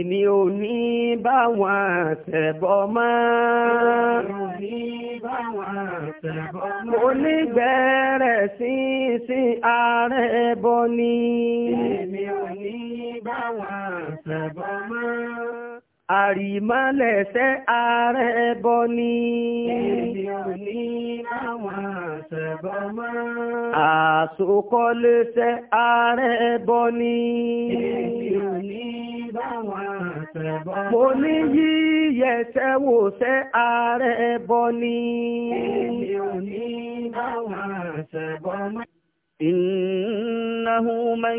Èmi ò ní bá wọn ṣẹbọ mọ́. Èmi ò ní bá wọn ṣẹbọ mọ́. Mo ní gbẹ̀rẹ̀ sí sí ààrẹ bọ́ ni. Èmi ò ní bá wọn ṣẹbọ mọ́. Àrìmọ́lẹ̀ṣẹ́ ààrẹ bọ́ ni. Èmi ò ní bá wọn ṣẹbọ mọ́. Àsokọ́lẹ́ṣẹ́ ààrẹ bọ́ ni. Èmi ò ní mo ní yíyẹ tẹ́ wò sẹ́ ààrẹ bọ́ ni. èmi ò ní bá wọn àṣẹ bọ́ mọ́. إنه من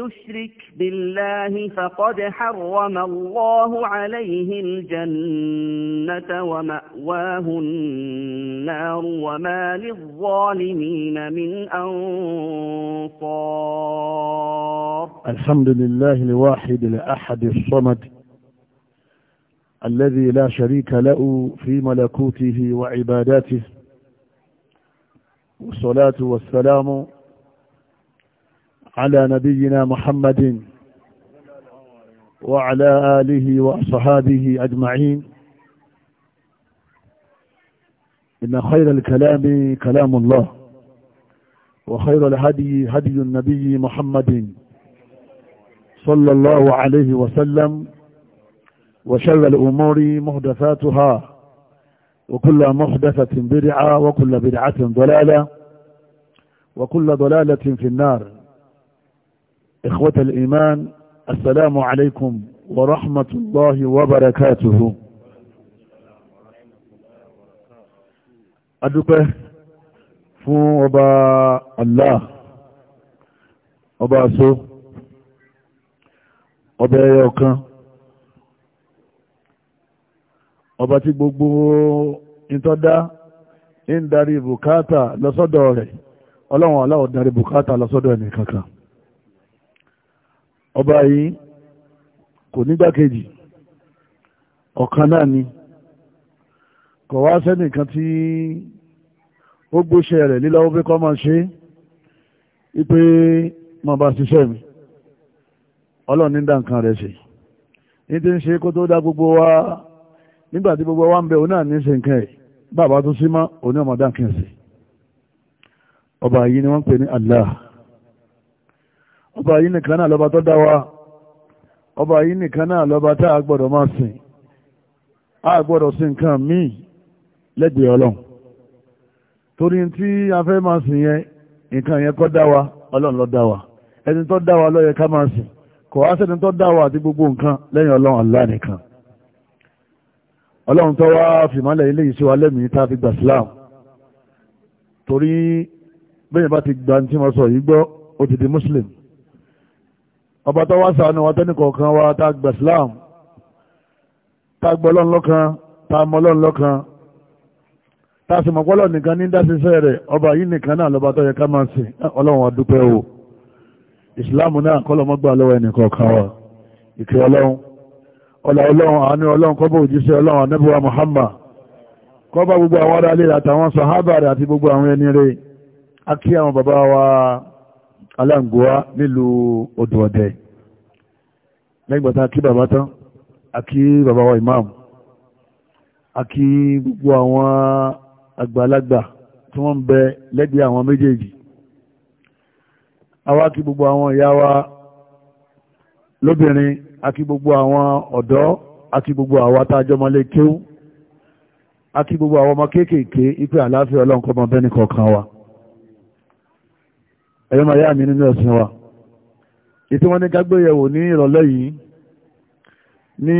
يشرك بالله فقد حرم الله عليه الجنة ومأواه النار وما للظالمين من أنصار الحمد لله الواحد الأحد الصمد الذي لا شريك له في ملكوته وعباداته والصلاة والسلام على نبينا محمد وعلى آله وأصحابه أجمعين إن خير الكلام كلام الله وخير الهدي هدي النبي محمد صلى الله عليه وسلم وشر الأمور مهدفاتها وكل محدثة بدعة وكل بدعة ضلالة وكل ضلالة في النار إخوة الإيمان السلام عليكم ورحمة الله وبركاته adúpẹ́ fún ọba Allah ọba àṣó ọba ẹyọ kan ọba tí gbogbo ìtọ́dá ń darí bùkátà lọ́sọ́dọ̀ rẹ̀ ọlọ́run aláwọ̀ darí bùkátà lọ́sọ́dọ̀ ẹni kankan ọba yìí kò nígbàkejì ọ̀kan náà ni kò wá sẹ́nìkan tí ó gbóṣẹ́ rẹ̀ lílọ́wọ́ pé kọ́ máa ṣe wípé máa bá ṣiṣẹ́ mi ọlọ́run ní dá nǹkan rẹ̀ ṣe ní ti ń ṣe kó tó dá gbogbo wa nígbà tí gbogbo wa ń bẹ òun náà ní ṣe nǹkan ẹ̀ bàbá tó sí mọ́ òun náà mọ̀dá ọba yìí ni wọ́n ń pè ní Allah ọba yìí nìkan náà lọ́ba tó dá wa ọba yìí nìkan náà lọ́ba tá a gbọ́dọ̀ máa sìn a gbọ́dọ̀ sí nǹkan míì lẹ́gbẹ̀ẹ́ ọlọ́run torí tí a fẹ́ máa sìn yẹn nǹkan yẹn kọ́ dá wa ọlọ́run ló dá wa ẹni tó dá wa ló ká máa sìn kò wá sẹ́ni tó dá wa àti gbogbo nǹkan lẹ́yìn ọlọ́run Allah nìkan ọlọ́run tó wá fìmọ́lẹ̀ ilé yìí sí wa lẹ́mìí tá a fi gbà Islam torí bẹ́ẹ̀ bá ti gba tí wọ́n sọ yìí gbọ́ ó ti di Muslim ọba tó wá sànù wa tẹ́nì kọ̀ọ̀kan wa tá a gbà Islam tá a gbọ́ ọlọ́run lọ́kan tá a mọ ọlọ́run lọ́kan tá a sì mọ̀ pọ́lọ́ nìkan ní dásísẹ́ rẹ̀ ọba yìí nìkan náà lọ́ba tó yẹ ká máa sìn eh, ọlọ́run adúpẹ́ o Islam náà kọ́lọ́mọ́gbà lọ́wọ́ ẹnì wa ìkẹ́ ọlọ́run ọlá ọlọ́run àánú ọlọ́run kó bá òjíṣẹ́ ọlọ́run anẹ́bùwa Muhammad kó bá gbogbo àwọn aráalé àtàwọn sàhábà rẹ̀ àti gbogbo àwọn ẹni rẹ̀ a kí àwọn bàbá wa aláǹgọ́wá nílùú odò ọ̀dẹ̀ imam a kí gbogbo àwọn àgbàlagbà tí wọ́n ń bẹ lẹ́gbẹ̀ẹ́ àwọn lóbìnrin àkí gbogbo àwọn ọ̀dọ́ àkí gbogbo àwọn atájọmọlé kéwú àkí gbogbo àwọn ọmọ kéékèèké ipe àláfíà ọlọ́run kọ́ ọmọ bẹ́ẹ̀ ní kọ̀ọ̀kan wa ẹ̀yọ́ máa yá mi nínú ẹ̀sìn wa ètò wọn ní kágbéyẹ̀wò ní ìrọ̀lẹ́ yìí ní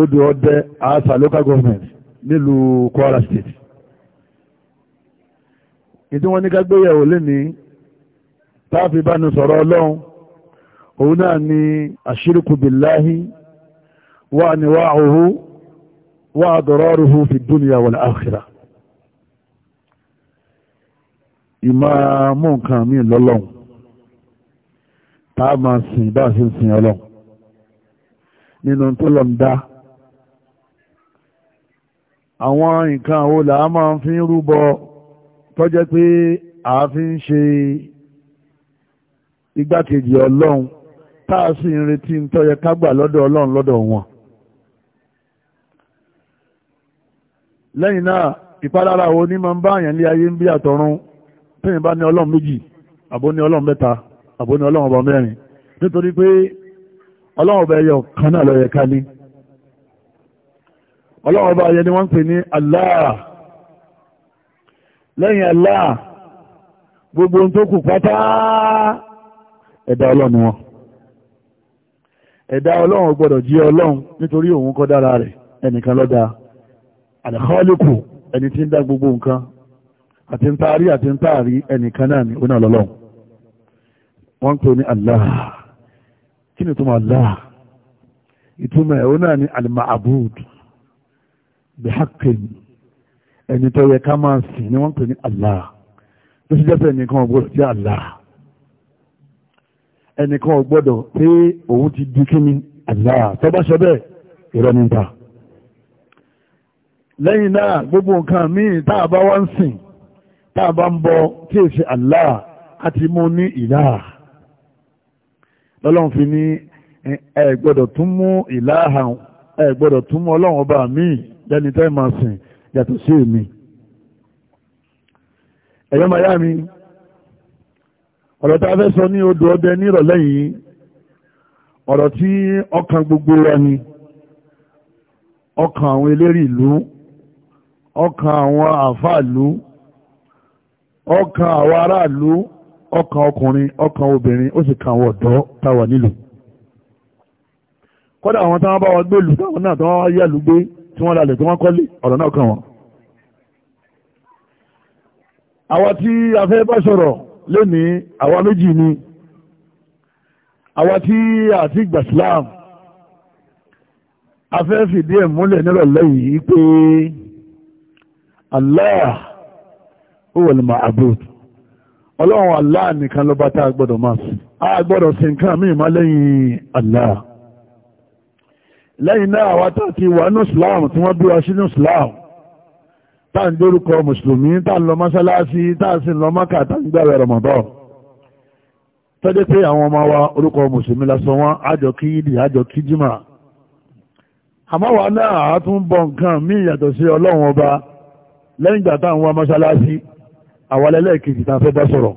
odò ọdẹ àásà local government nílùú Kwara State ètò wọn ní kágbéyẹ̀wò lẹ́ni táàfin bá ní sọ̀rọ̀ ọlọ́run òun náà ni àṣírùkù bìláhí wà níwá òhú wà àdọ̀rọ̀rùhù fi dúnìyà wal akhira ìmá mú nǹkan mí lọ́lọ́un táà máa sìn bá sí sìn ọlọ́un nínú tó lọ dá àwọn nǹkan wo là á máa fi rúbọ tọ́jẹ́ pé àá fi ń ṣe igbákejì ọlọ́run tá a sì ń retí ń tọ́yẹ ká wọn lẹ́yìn náà ìpalára wo ní máa ń bá àyàn ayé ń bí àtọ̀run tẹ́yìn bá ní ọlọ́run méjì àbó ní ọlọ́run mẹ́ta àbó ní ọlọ́run ọba mẹ́rin nítorí pé ọlọ́run ọba ẹyọ kan náà ni wọ́n ń pè ní lẹ́yìn gbogbo ohun tó kù pátá ẹ̀dá ẹ̀dá ọlọ́run gbọ́dọ̀ jẹ́ ọlọ́run nítorí òun kọ́ dára rẹ̀ ẹnìkan ló dá àdàkọ́ọ́lẹ́kù ẹni tí ń dá gbogbo nǹkan àti ń taari àti ń taari ẹnìkan náà ni oní ọlọ́run wọ́n ń pè ní Allah kí ni ìtumọ̀ Allah ìtumọ̀ ẹ̀ oní àní al-ma'bud bihaqqin ẹni tó yẹ ká máa sìn ni wọ́n ń pè ní Allah tó ẹnìkan ọ̀gbọ́dọ̀ jẹ́ Allah ẹnìkan gbọ́dọ̀ pé òun ti di kí ni àdìlára tó bá ṣe bẹ́ẹ̀ irọ́ ní ta lẹ́yìn náà gbogbo nǹkan míì tá bá wá ń sìn tá bá ń bọ tí èsì Allah a ti mú ní ìlàhà lọ́lọ́run fi ní ẹ gbọ́dọ̀ tún mú ìlàhà ẹ gbọ́dọ̀ tún mú ọlọ́run ọba míì lẹ́ni tẹ́ máa sìn yàtọ̀ sí èmi ẹ̀yọ́ máa yá ọ̀rọ̀ tá a fẹ́ sọ ní odò ọdẹ nírọ̀lẹ́ yìí ọ̀rọ̀ tí ọkàn gbogbo wa ni ọkàn àwọn eléré ìlú ọkàn àwọn àfáàlú ọkàn àwọn aráàlú ọkàn ọkùnrin ọkàn obìnrin ó sì kàn wọ́n ọ̀dọ́ táwa nílùú kọ́dà àwọn táwọn bá wọn gbé lù táwọn náà tí wọ́n wá yà lùgbé tí wọ́n lalẹ̀ tí wọ́n kọ́lé ọ̀rọ̀ náà kàn wọ́n. àwa tí a fẹ́ bá sọ̀rọ̀ lónìí àwa méjì ni àwa tí àti ìgbà Islam a fẹ́ fìdí ẹ̀ múlẹ̀ nírọ̀lẹ́ yìí pé Allah huwal ma'bud ọlọ́run Allah nìkan ló bá tá a gbọ́dọ̀ máa sí a gbọ́dọ̀ sí nǹkan míì má lẹ́yìn Allah lẹ́yìn náà àwa tá ti wà ní Islam tí wọ́n bí wa sínú Islam tá à ń dórúkọ mùsùlùmí tá à ń lọ mọ́sálásí tá à sì ń lọ mọ́kà tá à ń gbàwẹ̀ rọ̀mọ̀dọ́ tọ́jẹ́ pé àwọn ọmọ wa orúkọ mùsùlùmí lásán wọn àjọ kí àjọ kí àmọ́ wa náà a tún bọ̀ nǹkan mí ìyàtọ̀ sí ọlọ́run ọba lẹ́yìn ìgbà táwọn wa mọ́sálásí àwọn alẹ́lẹ́kejì tá a fẹ́ bá sọ̀rọ̀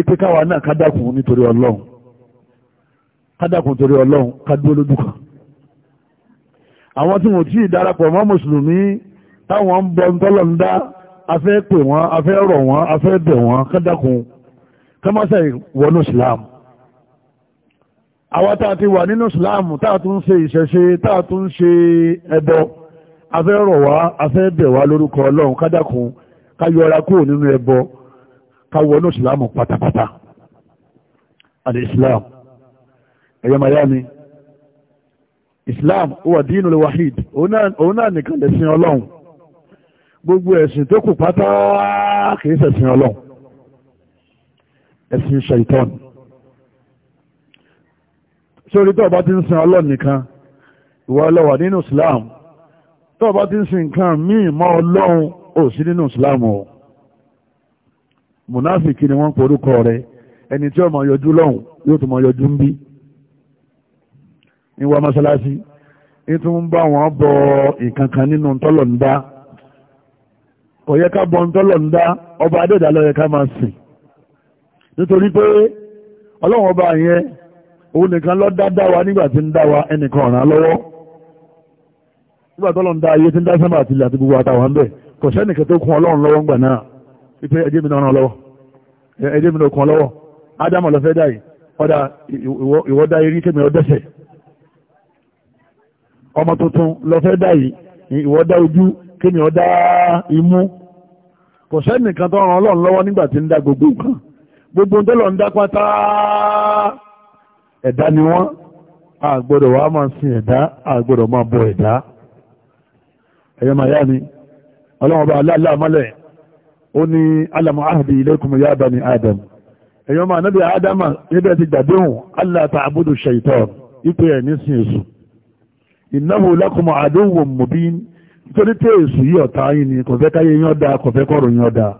ipe káwa náà kádàkùn nítorí ọlọ́run kádàkùn torí ọlọ́run kádúró lójú kan àwọn tí wọn ò tí darapọ̀ mọ́ mùsùlùmí táwọn ń bọ ntọ́lọ̀ ń dá afẹ́ pè wọ́n afẹ́ rọ̀ wọ́n afẹ́ bẹ̀ wọ́n kádàkùn kọ́mọ́sẹ̀ wọnú islam àwọn tá a wà nínú islam tá a tún ṣe ìṣẹ̀ṣe tá a tún ṣe ẹbọ afẹ́ rọ̀ wá afẹ́ bẹ̀ wá lórúkọ ọlọ́run kádàkùn ká yọra kúrò nínú ẹbọ ká wọnú islam pátápátá al-islam ẹ̀yọ́ miami islam huwa dínú lè wahid òun náà nìkan lè sin ọlọ́run gbogbo ẹ̀sìn tó kù pátá kìí ṣẹ̀sìn ọlọ́run ẹ̀sìn ṣẹ̀tọ́n sórí tó bá ti ń sin ọlọ́run nìkan ìwà ọlọ́wà nínú islam tó ti ń sin nǹkan míì mọ́ ọlọ́run ò sí nínú islam o mùnáfìkì ni wọ́n porúkọ rẹ ẹni tí ó máa yọjú lọ́hùn yóò tún máa yọjú ń bí ní wá mọ́sálásí bá wọn bọ ìkankan nínú tọ́lọ̀ ń dá kò yẹ ká bọ́n tọ́lọ̀ ń dá ọba adẹ́dà ló yẹ ká máa sìn nítorí pé ọlọ́run ọba yẹn òun nìkan ló dá dá wa nígbà tí ń dá wa ẹnìkan ọ̀ràn lọ́wọ́ nígbà tọ́lọ̀ ń dá ayé tí ń dá sábà àtìlẹ̀ àti gbogbo àtàwọn ń bẹ̀ kò sẹ́nìkan tó kún ọlọ́run lọ́wọ́ ńgbà náà wípé ẹjẹ́ mi náà ràn lọ́wọ́ ẹjẹ́ mi náà kún lọ́wọ́ ádámù ló fẹ́ dá ọ̀dà ìwọ dá irí kémi ọdẹ́sẹ̀ ọmọ tuntun ló fẹ́ dá yìí dá ojú kémi ọdá imú kò sẹ́nìkan tó ran ọlọ́run lọ́wọ́ nígbà tí ń dá gbogbo nǹkan gbogbo ń tọ́lọ̀ ń dá pátá ẹ̀dá ni wọ́n àgbọ̀dọ̀ wa máa sin ẹ̀dá àgbọ̀dọ̀ máa bọ ẹ̀dá ẹ̀yọ́ màá yá ni ọlọ́run ọba aláàlá mọ́lẹ̀ ó ní ahadi ya bani adam ẹ̀yọ́ Adam níbẹ̀ ti gbàdéhùn allah Abudu, shaitan ipe ẹ̀ ní sin torí tí èsù yí ọ̀tá yìí ni kò fẹ́ káyé yán dáa kò fẹ́ kọ́rọ̀ yán dáa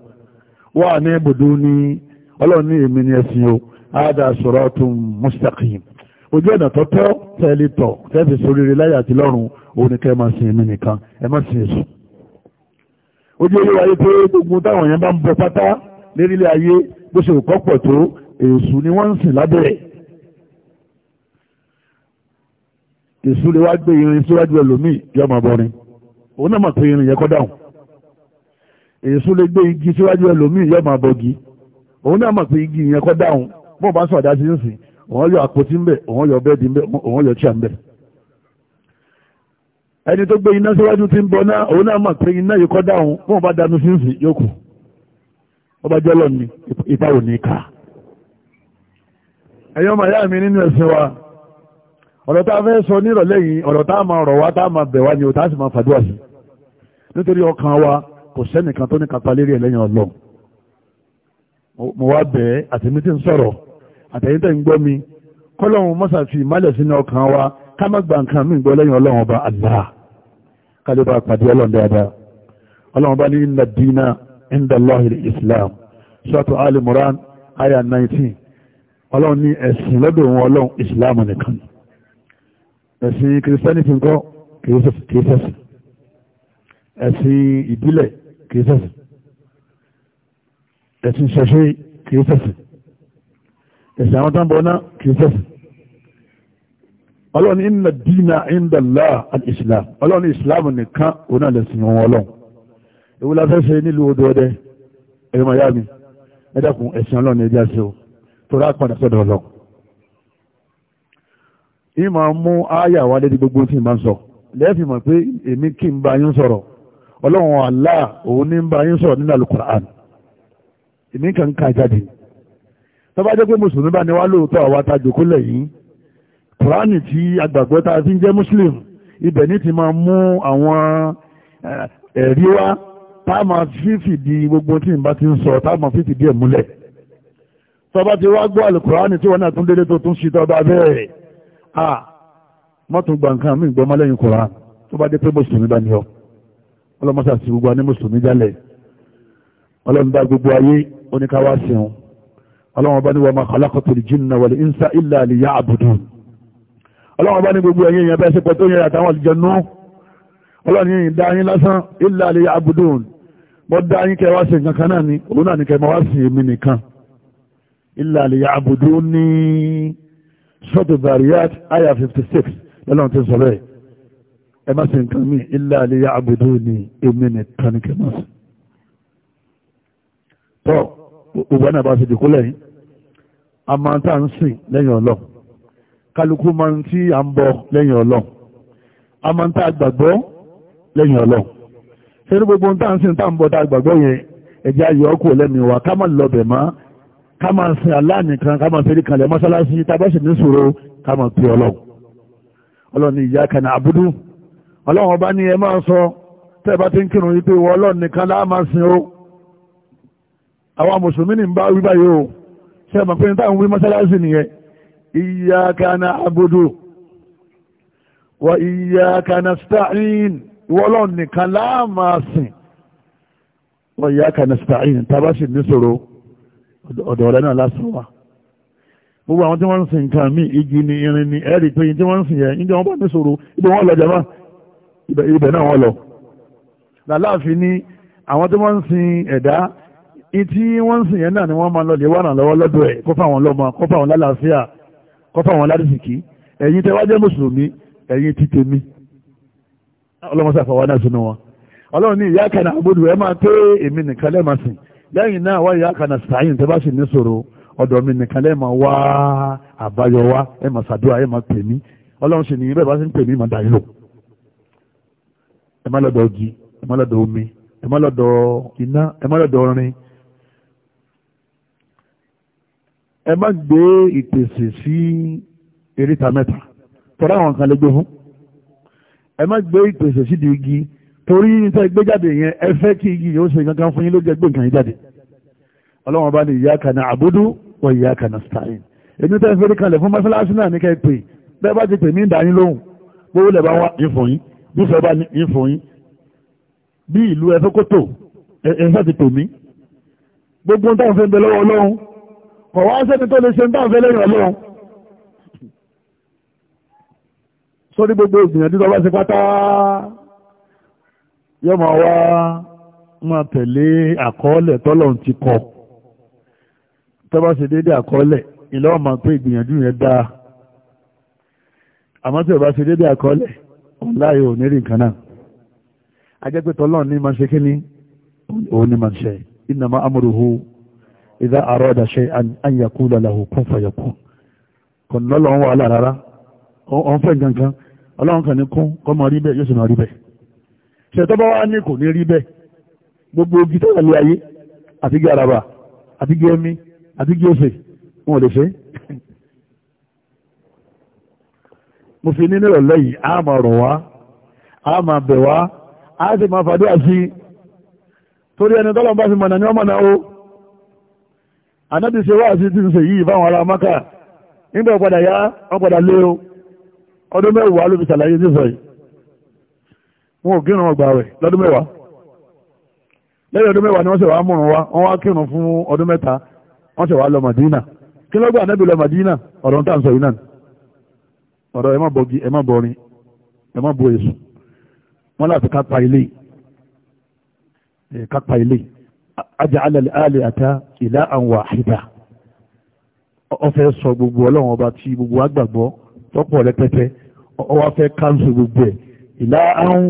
wà ní ibùdó ní ọlọ́run ní èmi ni ẹ̀sìn o áádá siratun mustaqim ojú ọ̀nà tọ́tọ́ tẹ́lẹ̀ tọ̀ tẹ́fì sóríire láyé àti lọ́run òun ni kẹ́ máa sin èmi nìkan ẹ má sin èsù ojú orí wáyé pé gbogbo táwọn yẹn bá ń bọ pátá lérílẹ̀ ayé bó ṣe kọ́ pọ̀ tó èsù ni wọ́n ń sìn lábẹ́rẹ̀ èsù lè wá gbé irin síwájú ẹlòmíì yọmọ bọrin òun náà mọ̀ pé irin yẹ kọ́ dáhùn èso lè gbé igi síwájú ẹlòmíì yọ máa bọgi òun náà mọ̀ pé igi yẹn kọ́ dáhùn bó bá sọ̀dá sí nsìn òun yọ àpótí ńbẹ òun yọ bẹ́ẹ̀dì ńbẹ òun yọ chíà ńbẹ. ẹni tó gbé iná síwájú ti ń bọ náà òun náà mọ̀ pé iná yìí kọ́ dáhùn bó bá dánú sí nsìn yóò kù ó bá jẹ́ lọ́ni ipa ò ní ká. ẹ̀yọ́ màyá mi nínú ẹ̀sìn wa ọ̀rọ̀ tá a fẹ́ sọ nírọ̀lẹ́ yìí ọ̀rọ̀ tá a máa rọ̀ wá tá a máa bẹ̀ wá ni ò tá a sì máa fàdúrà sí i nítorí ọkàn wa kò sẹ́nìkan tó ní kápá lérí ẹ̀ lẹ́yìn ọlọ́run mo wá bẹ̀ẹ́ àtẹ̀mí tí ń sọ̀rọ̀ àtẹ̀yìn tẹ̀ ń gbọ́ mi kọ́lọ́run mọ́sà fi ìmálẹ̀ sínú ọkàn wa ká má gba nǹkan mí gbọ́ lẹ́yìn ọlọ́run ọba Allah kálí bá pàdé ọlọ́run dáadáa ọlọ́run bá ní inna dina inda Allahi islam suratu ali moran aya 19 ọlọ́run ní ẹ̀sìn lọ́dọ̀ òun ọlọ́run islam nìkan ẹ̀sìn kìrìsìtẹ́nì fi ń kọ́ kìrìsìtẹ́sì ẹ̀sìn ìbílẹ̀ kìí ṣẹ̀sìn ẹ̀sìn ṣẹ̀ṣẹ̀ kìí ṣẹ̀sìn ẹ̀sìn àwọn tó ń bọ̀ náà kìí ṣẹ̀sìn ọlọ́run inna dina inda Allah al-islam ọlọ́run islam nìkan òun náà lẹ̀sìn wọn ọlọ́run ewu la fẹ́ ṣe nílùú odò ọdẹ ẹ̀rọ mọ̀ yá mi ẹ̀dàkùn ẹ̀sìn ọlọ́run ẹ̀dí àṣẹ o torí àpàdà sọ́dọ̀ ọlọ́run ìmọ̀ mú áyà wálé ní gbogbo tí ìmọ̀ sọ lẹ́ẹ̀fì pé èmi kí n bá yín sọ̀rọ̀ ọlọ́run Allah òun ní ń bá yín sọ̀rọ̀ nínú alukur'an ìní kan ká jáde tọ́ba jẹ́ pé mùsùlùmí bá ní wá lóòótọ́ àwa ta jòkólẹ̀ yìí kùránì tí agbàgbọ́ ta fi ń jẹ́ muslim ibẹ̀ ní ti máa mú àwọn eh, ẹ̀rí wá tá a máa fífìdí gbogbo tí n bá ti ń sọ tá a máa fífìdí ẹ̀ múlẹ̀ tọ́ba ti wá gbọ́ alukur'an tí wọ́n náà tún dédé tó tún ṣe tọ́ba bẹ́ẹ̀ mọ́tò gbàǹkan mi gbọ́ mọ́lẹ́yìn kùránì tó bá pé mùsùlùmí bá ní ọ ọlọ́mọsá sí gbogbo ní mùsùlùmí jálẹ̀ ọlọ́mọdá gbogbo ayé oníkáwá sẹun ọlọ́mọ bá ní wa ma khalaqatul jinna wal insa illa liya'budun ọlọ́mọ bá ní gbogbo ẹ̀yìn èèyàn bẹ́ẹ̀ sípò tó yẹ àtàwọn àlùjànnú ọlọ́ni yìí dá yín lásán illa liya'budun bọ́ dá yín kẹ́ wá ní kẹ́ máa wá sí èmi nìkan 56 lọ́lọ́run ti sọ ẹ má ṣe nǹkan mí ilé àlẹ́ yá àbùdó ni èmi nìkan ní kẹ́mọ́ sí. tọ́ ògbà náà bá ṣe dìkú lẹ́yìn a máa tá à ń sìn lẹ́yìn ọlọ́ kálukú máa ń tí à ń bọ lẹ́yìn ọlọ́ a máa ń tá a gbàgbọ́ lẹ́yìn ọlọ́ ṣé ní gbogbo tá à ń sìn tá ń bọ tá a yẹn ẹ̀jẹ̀ ayọ̀ ọkọ̀ lẹ́mìí wa ká má lọ bẹ̀ ká máa sin aláàníkan ká máa fẹ́rí kanlẹ̀ mọ́sálásí tá ní sòro ká máa pè ọlọ́ ọlọ́ni ìyá kan àbúdú ọlọ́run ọba ní ẹ máa sọ tẹ́ ẹ bá ti ń kírun yìí pé ìwọ ọlọ́run nìkan láà máa sin o àwa mùsùlùmí ní bá wí báyìí o ṣe mọ̀ pé ní táwọn wí mọ́sálásì nìyẹn iyyaka na'budu wa iyyaka nasta'in ìwọ ọlọ́run nìkan láà máa sìn wa iyyaka nasta'in tàbá sì níṣòro ọ̀dọ̀ ọ̀rẹ́ náà lásán wa gbogbo àwọn tí wọ́n ń sin nǹkan míì igi ni irin ni ẹ̀rí pé tí wọ́n ń sin yẹn níjọ́ ibẹ̀ náà wọ́n lọ làláàfin ní àwọn tó wọ́n ń sin ẹ̀dá tí wọ́n ń sin yẹn náà ni wọ́n máa lọ lè wà náà lọ́wọ́ lọ́dọ̀ ẹ̀ kó fáwọn lọ́mọ kó fáwọn lálàáfíà kó fáwọn ládìsìkí ẹ̀yin tẹ́ wá jẹ́ mùsùlùmí ẹ̀yin ti tèmi ọlọ́mọsá fọwọ́ náà sínú wọn ọlọ́run ní ìyá kan àgbòdù ẹ máa pé èmi nìkan lẹ́ẹ̀ máa sìn lẹ́yìn náà wá ìyá kan sàáyìn tẹ́ ẹ má lọ́dọ̀ igi ẹ má lọ́dọ̀ omi ẹ má lọ́dọ̀ iná ẹ má lọ́dọ̀ ọrin ẹ má gbé ìpèsè sí eríta mẹ́ta tọ́lá àwọn kan lè gbé fún ẹ má gbé ìpèsè sí di igi torí níta gbé jáde yẹn ẹ fẹ́ kí igi yóò ṣe kankan fún yín ló jẹ́ gbé nǹkan yín jáde ọlọ́wọ́n bá ní iyyaka na'budu wa iyyaka nasta'in èmi tẹ́ fẹ́rí kalẹ̀ fún mọ́sálásí náà ní ká ẹ pè bẹ́ẹ̀ bá ti pè mí dání lóhùn gbówó lẹ̀ bá wá yín fún yín bí ìfọba ní fún yín bí ìlú ẹfẹ́kótò ẹ̀fẹ́ ti tò mí gbogbo táwọn fẹ́ ń bẹ lọ́wọ́ ọlọ́run kọ̀ wá sẹ́ni tó lè ṣe táwọn fẹ́ lẹ́yìn ọlọ́run sórí gbogbo ìgbìyànjú tó bá ṣe pátá yóò máa wá máa tẹ̀lé àkọọ́lẹ̀ tọ́lọ́run ti kọ tó bá ṣe déédéé àkọọ́lẹ̀ ìlọ́wọ́ máa pé ìgbìyànjú yẹn dáa àmọ́ tí ò bá ṣe déédéé àkọọ́lẹ̀ láyé ò ní rí nǹkan náà ajẹ́pẹ̀tọ́ ni òun ní máa ṣe innama amruhu idha arada shay'an an yaqula lahu kun fayakun kò ní lọ́lọ́run wà lára ọ̀n fẹ́ gangan ọlọ́run kan ní kún kọ́ máa rí bẹ́ẹ̀ yóò sì máa rí bẹ́ẹ̀ ṣe tọ́ bá wá ní kò ní rí gbogbo ogi tó wà lé araba àti àti wọn mo fi ní nírọ̀lẹ́ yìí a máa rọ̀ a máa bẹ̀ wá a sì máa fàdúrà sí torí ẹni tọ́lọ̀ bá fi mọ̀nà ní ọmọ náà o anábì ṣe wá sí ti yìí fáwọn ará maka nígbà padà yá wọ́n leo lé o ọdún mẹ́wàá ló fi ṣàlàyé sísọ yìí wọn ò kírun ọgbà rẹ̀ lọ́dún mẹ́wàá lẹ́yìn ọdún mẹ́wàá ni wọ́n ọ̀rọ̀ ẹ má bọ̀gi ẹ má ẹ láti ilé kápá ilé ajá alẹ́ alẹ́ àtà ìlà àwọn àhìdá ọfẹ́ sọ gbogbo ọlọ́run ọba tí gbogbo agbàgbọ́ tọ́pọ̀ ọwọ́ fẹ́ káńsù gbogbo ẹ̀ ìlà àwọn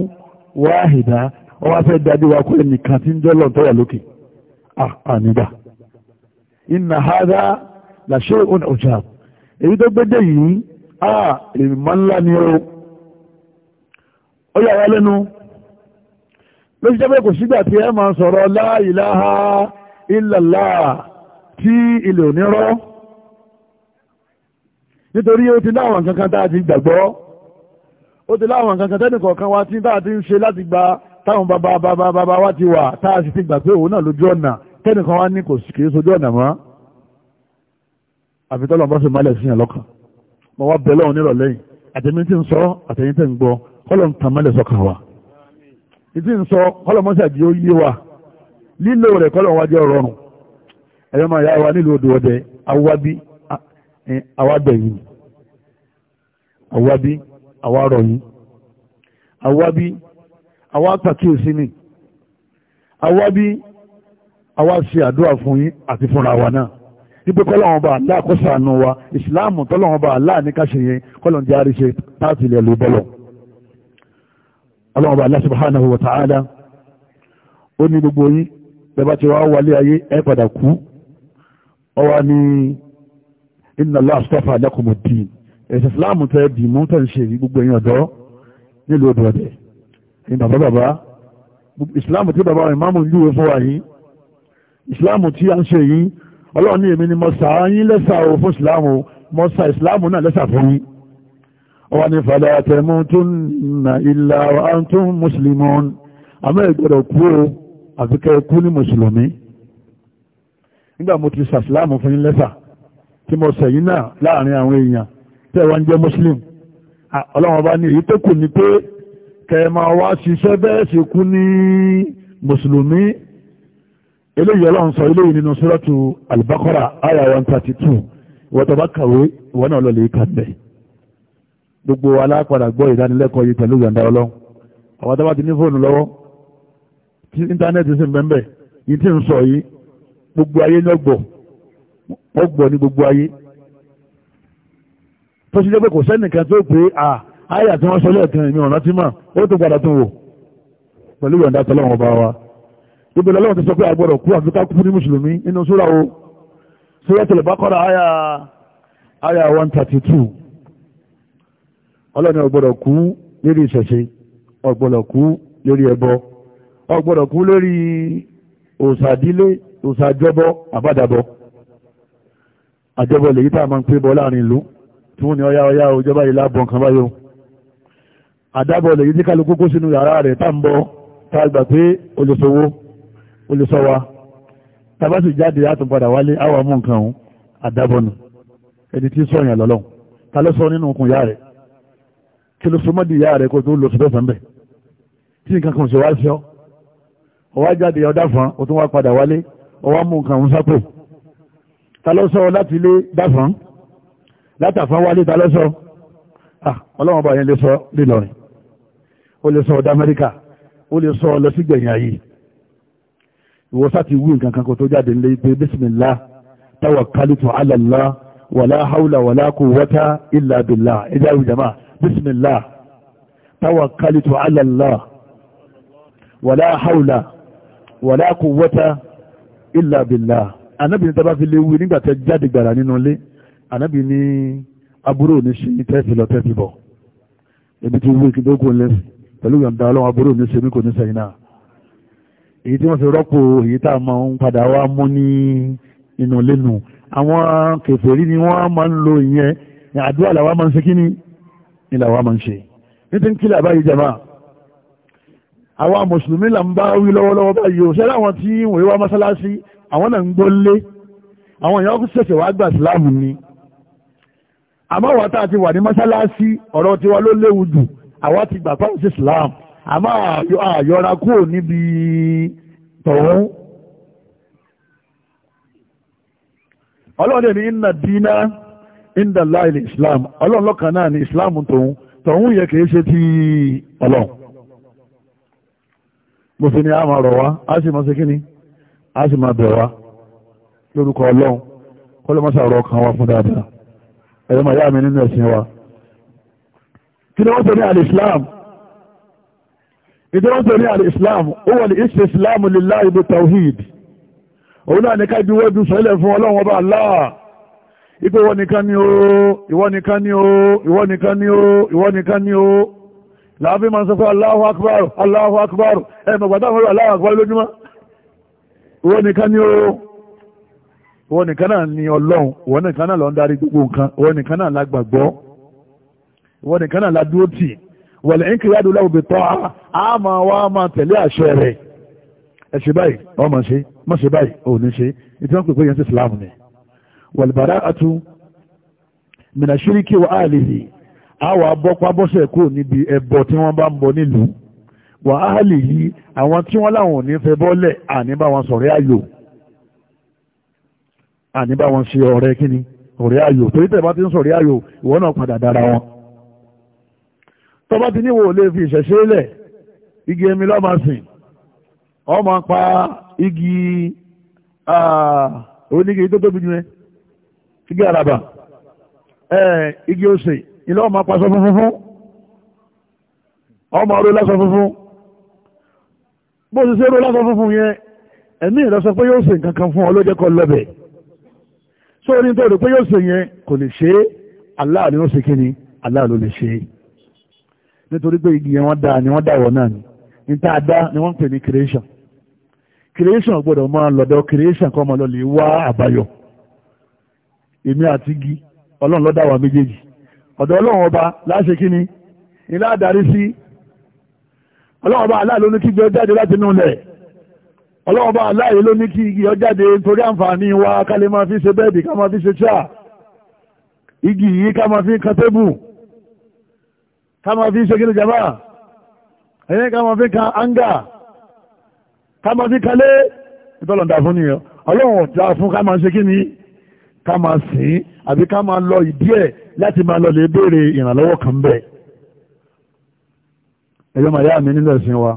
wáhìdá ọwọ́ fẹ́ dájú wa ẹnìkan tí ń jọ́lọ̀ tó wà lókè èyí tó àà ah, èmà ńlá ni ó ó yàwá lẹ́nu ló fi jẹ́ pé kò sígbà tí ẹ máa sọ̀rọ̀ la ilaha illallah tí ilẹ̀ ò ní rọ́ nítorí ó ti láwọn kankan tá a ti gbàgbọ́ ó ti láwọn kankan tẹ́nìkọ̀ọ̀kan wa tí tá a ti ń ṣe láti gba táwọn bàbá bàbá bàbá wa ti wà tá a sì ti gbà pé òun náà lójú ọ̀nà tẹ́nìkan wa ní kò sì kìí sojú ọ̀nà mọ́ àfitọ́lọ̀ bọ́sẹ̀ mọ́lẹ̀ sí yàn lọ́kàn mọ̀ wá bẹ̀lẹ̀ òun nírọ̀lẹ́ yìí àtẹ̀mí tí ń sọ àtẹ̀yìn tẹ̀ ń gbọ́ kọ́lọ̀ ń ń sọ kọ́lọ̀ mọ́sà di ó yé wa lílo rẹ̀ kọ́lọ̀ wájú ọ̀rọ̀rùn máa yá wa nílùú odò ọdẹ awábí awábẹ̀yìn awábí awárọ̀yìn awábí awápàkíyèsí ni awábí àdúrà fún yín ibi kọ́lọ́wọ́n bá aláà kó sànù wa ìsìláàmù tọ́lọ́wọ́n bá aláà ní káṣe yẹn kọ́lọ́n àríṣe táàtì ilẹ̀ ló bọ́lọ̀ ọlọ́wọ́n bá aláà subhanahu wa ta'ala ó ní gbogbo yín bẹ́ẹ̀ tí wàá wálé ayé ẹ padà kú ọ wá ní inna Allah astafa lakumud din ẹ̀sìn ìsìláàmù tẹ́ dì mú tẹ̀ ń ṣe gbogbo yín ọ̀dọ́ nílùú odò ọ̀dẹ̀ ní bàbá bàbá ìsìláàmù tí ọlọ́run ní èmi ni mo sà yín lẹ́sà o fún ìsìláàmù mo sà ìsìláàmù náà lẹ́sà fún yín ọwọ́ ni fàlẹ́ àtẹ̀mú tó nà ilà àtún mùsùlùmọ́n àmọ́ ìgbọ́dọ̀ kú o àfi kẹ́ ẹ kú ní mùsùlùmí nígbà mo ti sà fún yín lẹ́sà tí mo sà yín náà láàrin àwọn èèyàn tẹ́ wọ́n jẹ́ mùsùlùm ọlọ́run bá ní èyí tó kù ni pé kẹ́ máa wá ṣiṣẹ́ bẹ́ẹ̀ ṣe kú ní mùsùlùmí eléyìí ọlọ́run sọ eléyìí nínú sọ́rọ́tù Al-Baqara àyà one thirty two ìwọ́n tó bá kàwé ìwọ́n náà lọ lè kà bẹ́ẹ̀ gbogbo alápàdà gbọ́ ìdánilẹ́kọ̀ọ́ yìí pẹ̀lú ìyọ̀ǹda ọlọ́run àwọn tó bá ti ní fóònù lọ́wọ́ tí íńtánẹ́ẹ̀tì sì ń bẹ́ẹ̀ bẹ́ẹ̀ yìí tí ń sọ yìí gbogbo ayé ní ọgbọ̀ ọgbọ̀ ní gbogbo ayé tó ṣe jẹ́ pé kò sẹ́nìkan tó pé àyà tí wọ́n sọ lẹ́ẹ̀kan ìmì ọ̀nà tí ó tó padà tó wò pẹ̀lú ìyọ̀ǹda tọ́lọ́wọ́n ọba wa ibi lọ́wọ́ ti sọ pé àgbọ̀dọ̀ kú àfi ká kú ní mùsùlùmí nínú súra o Suratul Baqara àyà àyà one thirty two ọlọ́ni ọ̀gbọ̀dọ̀ kú lórí ìṣẹ̀ṣe ọ̀gbọ̀dọ̀ kú lórí ẹbọ ọ̀gbọ̀dọ̀ kú lórí òsàdílé òsàjọbọ àbádàbọ àjọbọ lèyí tá a máa ń pé bọ láàrin ìlú tí wọ́n ní ọyá ọyá òjọba ìlà bọ̀ nǹkan báyọ̀ àdábọ̀ lèyí tí kálukú kó sínú yàrá rẹ̀ tá ń bọ̀ tá a gbà pé olùsowó ó lè sọ wa tàbá sì jáde á tún padà wálé á wà mú nǹkan òun àdábọ̀nù ẹni tí sọ̀yàn lọ́lọ́hùn ta ló sọ nínú okùn ìyá rẹ̀ kí ló so mọ́dì ìyá rẹ̀ kó tó lọ sí bẹ́ẹ̀ fẹ́ tí nǹkan kan ṣe wá sí ọ ọwá jáde ọdá fún ọ tún wá padà wálé ọwá mú nǹkan òun sápò ta ló sọ láti ilé dáfán látàfán wálé ta ló sọ ah, ọlọ́wọ́n bá yẹn lè sọ lílọrin ó lè sọ ọdá amẹ́ríkà ó lè sọ ọ lọ sí gbẹ̀yìn ayé ìwọ sáti wí nǹkan kan kó tó jáde nílé pé bísímìlá tawakkaltu ala Allah wàlá haúlà wàlá quwwata illa billah ẹjá ìjàmá bísímìlá tawakkaltu ala Allah wàlá haúlà wàlá quwwata illa billah anábì ní tàbá fi lè wí nígbà tẹ jáde gbàrà nínú ilé anábì ní aburú ní ṣe tẹ́sí lọ tẹ́sí bọ̀ ebi ti wí kí tó kún lẹ́sìn pẹ̀lú ìyọ̀ǹda ọlọ́run aburú ní ṣe mí kò ní sẹ́yìn náà èyí tí wọ́n fi rọ́pò èyí tá a máa ń padà wá mú ní inú lẹ́nu àwọn kèfèrí ni wọ́n máa ń lo ìyẹn àdúrà làwa máa ń ṣe kíní ni làwa máa ń ṣe nítorí kí làbá yìí jàmá àwa mùsùlùmí là ń bá wí lọ́wọ́lọ́wọ́ báyìí ò ṣẹlẹ̀ àwọn tí wọ́n wá mọ́sálásí àwọn náà ń gbó lé àwọn èèyàn ṣẹ̀ṣẹ̀ wá gbà síláàmù ni àmọ́ wàtá àti wà ní mọ́sálásí ọ̀rọ̀ tiwa ló léwu jù àwa ti gbà pàṣẹ síláàmù a máa àyọra kúrò níbi tọ̀hún ọlọ́run ní inna dínà inda islam ọlọ́run lọ́kàn náà islam tòun tòun yẹ kìí ṣe ti ọlọ́run mo fi ní àmà rọ̀ wá a sì máa ṣe kí ni a sì máa bẹ̀ wá lórúkọ ọlọ́run kọlọ́mọ́sà rọ̀ kan wá fún dáadáa ẹ̀rọ màá yá mi wa kí ni wọ́n ní ìjọba ń pèrè àrẹ islam ó wà ní ìṣe islam lílá ibi tawhid òun náà nìkan ibi wọ́n ju sọ́lẹ̀ fún ọlọ́run ọba Allah ipò ìwọ nìkan ni ó ìwọ nìkan ni ó ìwọ nìkan ni ó ìwọ nìkan ni ó làáfi máa ń sọ pé Allahu akbar Allahu akbar ẹ̀ mọ̀gbà táwọn ọ̀rọ̀ Allahu akbar lójúmọ́ ìwọ nìkan ni ó ìwọ nìkan náà ni ọlọ́run ìwọ nìkan náà ló ń darí gbogbo nǹkan ìwọ nìkan náà wọ̀lẹ̀ ń kiri adúlọ́ òbí tọ́ a máa wá máa tẹ̀lé àṣẹ rẹ̀ ẹ ṣe báyìí ọmọ ṣe má ṣe báyìí ò ní ṣe ìtí wọ́n pèpè yẹn sí Islam ni wọ̀lbàrá àtú mìnà ṣíríkì wà áàlìhì àwọn abọ́pá bọ́sẹ̀ kò níbi ẹbọ tí wọ́n bá ń bọ nílùú wà áàlìhì àwọn tí wọ́n láwọn ò ní fẹ́ bọ́lẹ̀ àní bá wọn sọ̀rẹ́ ayò àní bá wọn ṣe ọ̀rẹ́ kíni ọ̀rẹ́ ayò torí tẹ̀ bá ti ń sọ̀rẹ́ ayò ìwọ náà padà dára wọn tọ́ba ti níwò lè fi ìṣẹ̀ṣe lẹ̀ igi emi lọ́ba sìn ọmọ pa igi onígi tó tóbi jù yẹn igi àràbà igi òsè ilé ọmọ apasọ funfun ọmọ ọrọ lásọ funfun bó ṣe ṣe ọrọ lásọ funfun yẹn ẹ̀mí ìrọsọ pé yóò ṣe nǹkan kan fún ọ ló jẹ́ kó lọ́bẹ̀ sórí nítorí pé yóò ṣe yẹn kò lè ṣe aláàlú ló ṣe kíni aláàlú lè ṣe é. nítorí pé igi yẹn wọ́n dá ni wọ́n dá náà níta dá ni wọ́n pè ní creation creation gbọ́dọ̀ máa lọ́dọ̀ creation kọ́ lọ lè wá àbáyọ èmi àti igi ọlọ́run ló dá méjèèjì ọba láṣẹ kí ni ilé àdarí sí ọlọ́run ní kí igi ọjáde láti ọba aláàlú ló ní kí igi ọjáde torí àǹfààní wa fi ṣe bẹ́ẹ̀dì ká fi ṣe chair igi yìí ká máa fi kan Kama máa fi ṣe kí ni jàmbá kama ká máa fi kan áńgà ká máa fi kalé ìtọ́lọ̀ dà fún nìyẹn ọlọ́run dà fún ká máa ṣe kí ni ká máa sìn àbí ká máa lọ ìdí ẹ̀ láti máa lọ lè béèrè ìrànlọ́wọ́ kan bẹ́ẹ̀ ẹ̀yọ́ màá yá mi nílẹ̀ sin wa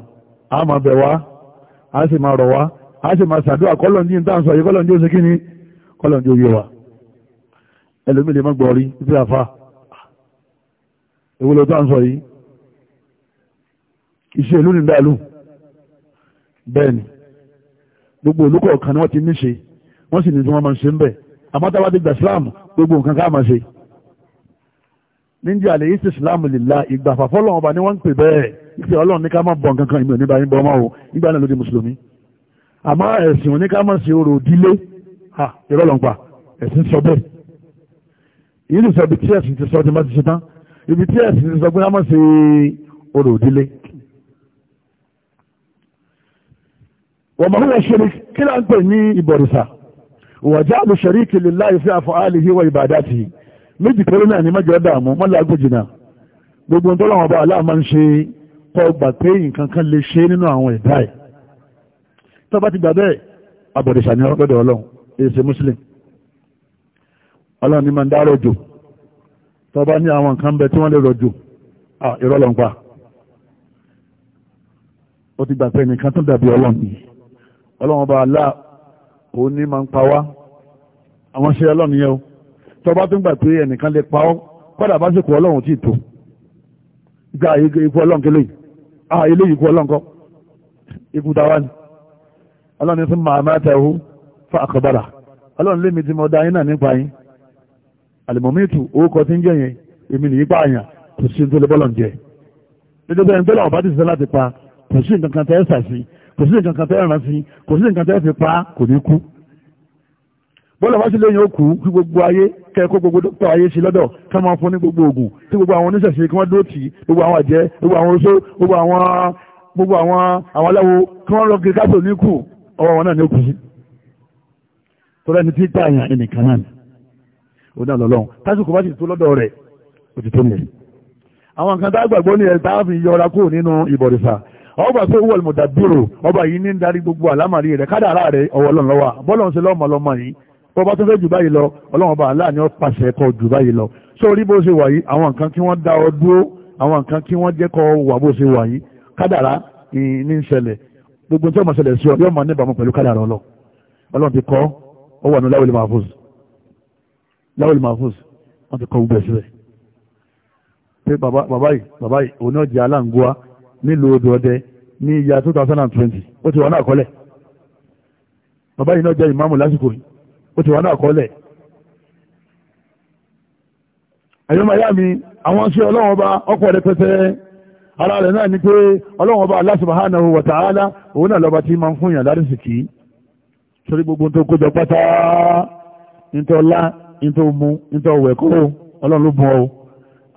a máa bẹ̀ wá a sì máa rọ̀ wá a sì máa ṣàdúrà kọ́lọ̀ndì ní tàǹsọ̀ yìí kọ́lọ̀ndì ó ṣe kí ni kọ́lọ̀ndì ó yé wa ẹlòmíì lè má gbọ́ rí ibi àfa èwo ló tó ń sọ yìí iṣẹ́ ìlú nígbà lù ni gbogbo olùkọ́ kan ni wọ́n ti níṣe wọ́n sì ní tí wọ́n máa ń ṣe ń bẹ̀ àmọ́ ti gba Islam gbogbo nǹkan ká máa ṣe níjà lè yíṣẹ́ Islam lìlá ìgbà àfàfọ́ ọba ni wọ́n ń pè bẹ́ẹ̀ ìpè Ọlọ́run ní ká má bọ̀ nǹkan kan ìmì òní bá yín bọ́ ọmọ o nígbà náà ló di mùsùlùmí àmọ́ ẹ̀sìn òní ká má ṣe orò òdílé ìrọ̀lọ́npa ẹ̀sìn sọ bẹ́ẹ̀ ìyí sọ bí tí ẹ̀sìn ti sọ ti má ti ṣe tán ibi tí ẹ̀sìn ti sọ pé lámọ̀ sí orò òdílé wọ́n mọ̀ wọ́n ṣe ni kí là ń pè ní ìbọ̀rìṣà wọ̀já àlùṣẹ̀rí kìlì láì fi àfọ̀ àlìhí wọ ìbàdà tì méjì pẹ̀lú náà ní mẹ́jọ dààmú mọ́lágùn jìnnà gbogbo ohun tó làwọn ọba aláà máa ń ṣe kọ́ gbà pé nǹkan kan lè ṣe nínú àwọn ẹ̀dá ẹ̀ tó bá ti gbà bẹ́ẹ̀ abọ̀rìṣà ni ọlọ́dọ̀ ọlọ́run èsè muslim ọlọ́run ni máa ń dárò jù tọba ní àwọn nǹkan bẹ tí wọ́n lè rọ̀jò ìrọ̀lọ́npa ó ti gbà pé nìkan tó dàbí ọlọ́run yìí ọlọ́run bá aláà òun ní máa ń pa wá àwọn ṣe ọlọ́run yẹn o tọba tó ń gbà pé ẹnìkan lè pa ọ́ kọ́dà bá sìkò ọlọ́run tí tó gba ikú ọlọ́run kélé yìí ah eléyìí ikú ọlọ́run kọ́ ikú dáwà ni ọlọ́run ní fún màmá tẹ̀ fún àkọ́bàrà ọlọ́run lémi ti mọ̀ dá yín náà nípa yín àlìmọ̀mìtù owó kan ti ń jẹ́ yẹn èmi nìyí pààyàn kò sí nítorí bọ́lọ̀ ń jẹ nítorí bẹ́ẹ̀ bẹ́ẹ̀ làwọn bá ti sẹ́ láti pa kò sí nǹkan kan tẹ́ ẹ́ sà sí kò sí nǹkan kan tẹ́ ẹ́ ràn sí kò sí nǹkan tẹ́ ẹ́ fi pa kò ní kú bọ́lá wá sí lẹ́yìn òkú kí gbogbo ayé kẹ́kọ́ gbogbo dókítà ayé sí lọ́dọ̀ ká máa fún ní gbogbo oògùn tí gbogbo àwọn oníṣẹ̀ṣe kí wọ́n dúró gbogbo àwọn àjẹ́ ó náà lọ́lọ́run tásìkò bá ti tó lọ́dọ̀ rẹ̀ ó ti tó nìyẹn. àwọn nǹkan tá a gbàgbọ́ ní ẹ̀ tá a fi yọra kúrò nínú ìbọ̀rìṣà ọgbà pé wọ́n mọ̀dà bírò ọba yìí ní ń darí gbogbo àlámàrí rẹ̀ kádàrá rẹ̀ ọwọ́ ọlọ́run ló wà bọ́lọ̀ ń ṣe lọ́mọ lọ́mọ yìí bọ́ bá tó fẹ́ jù báyìí lọ ọlọ́run ọba aláàní ó pàṣẹ kọ jù báyìí lọ sórí bó ṣe wà yìí àwọn nǹkan kí wọ́n dá ọ dúró àwọn nǹkan kí wọ́n jẹ́ kọ wà bó ṣe wà yìí kádàrá ní ṣẹlẹ̀ gbogbo tí ọmọ ṣẹlẹ̀ sí ọ yóò máa níbàámu pẹ̀lú kádàrá ọlọ́run ti kọ́ ọ wà ní láwùlẹ̀ mahfuz láwọn ìmọ̀fúnsì wọ́n ti kọ gbogbo ẹ̀sílẹ̀ pé bàbá yìí bàbá yìí òun náà jẹ́ aláǹgọ́wá nílùú odò ọdẹ ní ìyá 2020 ó ti wà náà kọ́lẹ̀ bàbá yìí náà jẹ́ ìmáàmù lásìkò ó ti wà náà kọ́lẹ̀ ẹ̀yọ́ máa yá mi àwọn ṣe ọlọ́wọ́n bá ọkọ̀ ara rẹ̀ náà ni pé ọlọ́wọ́n bá Allah subhanahu òun náà lọ́ba tí máa ń fún gbogbo tó kójọ nítorí mu nítorí ọ̀wẹ̀ kó ọlọ́run ló bùn ọ́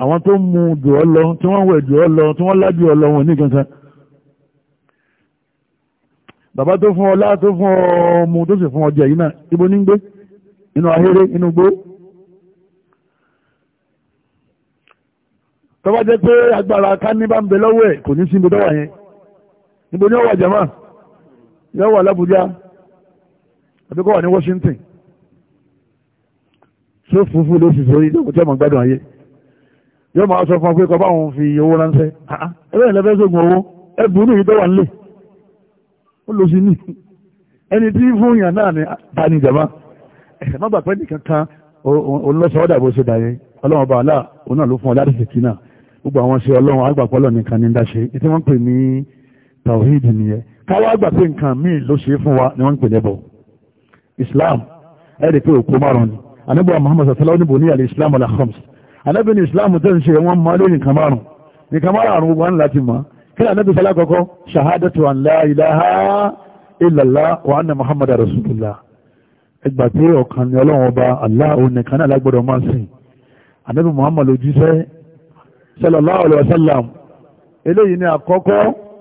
àwọn tó mu jù ọ lọ tí wọ́n wẹ̀ jù ọ lọ tí wọ́n lájú ọ lọ wọn ní kankan bàbá tó fún ọ lá tó fún ọ mu tó sì fún ọ jẹ yìí náà ibo ní ń gbé inú ahéré inú gbó tó bá jẹ́ pé agbára ká ní bá ń bẹ lọ́wọ́ ẹ̀ kò ní sí ibi dọ́wà yẹn níbo ni ó wà jẹ́mà wà lábújá àbíkọ́ wà ní Washington tó fúfú ló sì sórí lókùn tí ọmọ gbádùn ayé yóò máa sọ fún ọ pé kọ bá òun fi owó ránṣẹ́ ẹgbẹ́ ìlẹ́fẹ́ sógun owó ẹbùn ní ìdọ́wà ńlẹ̀ ó lọ sí ní ẹni tí fún yàn náà ni ta ni ìjàmbá ẹ̀sẹ̀ má gbàgbé nìkan kan olóṣọ ọ̀dà bó ṣe dàyẹ ọlọ́run bá aláà òun náà ló fún ọ láti ṣèkí náà gbogbo àwọn ṣe ọlọ́run agbàpọ̀lọ̀ nìkan ní dáṣe tí wọ́n pè ní tawhid nìyẹn káwá gbà pé nǹkan míì ló ṣe fún wa ni wọ́n pè lẹ́bọ̀ Islam ẹ̀rì pé òpó márùn-ún anábì wa muhammad sallallahu alaihi wa sallam ní islam ala khams anábì ní islam tó ń ṣe wọn máa lórí nǹkan márùn nǹkan márùn àrùn gbogbo wọn láti mọ kí ni anábì sálá kọ́kọ́ shahadatu an la ilaha illallah wa anna muhammad rasulullah ẹgbà pé ọ̀kan ni ọlọ́run ọba allah òun nìkan náà lágbọ́dọ̀ máa sìn anábì muhammad ojúṣe sallallahu alaihi wa sallam eléyìí ni àkọ́kọ́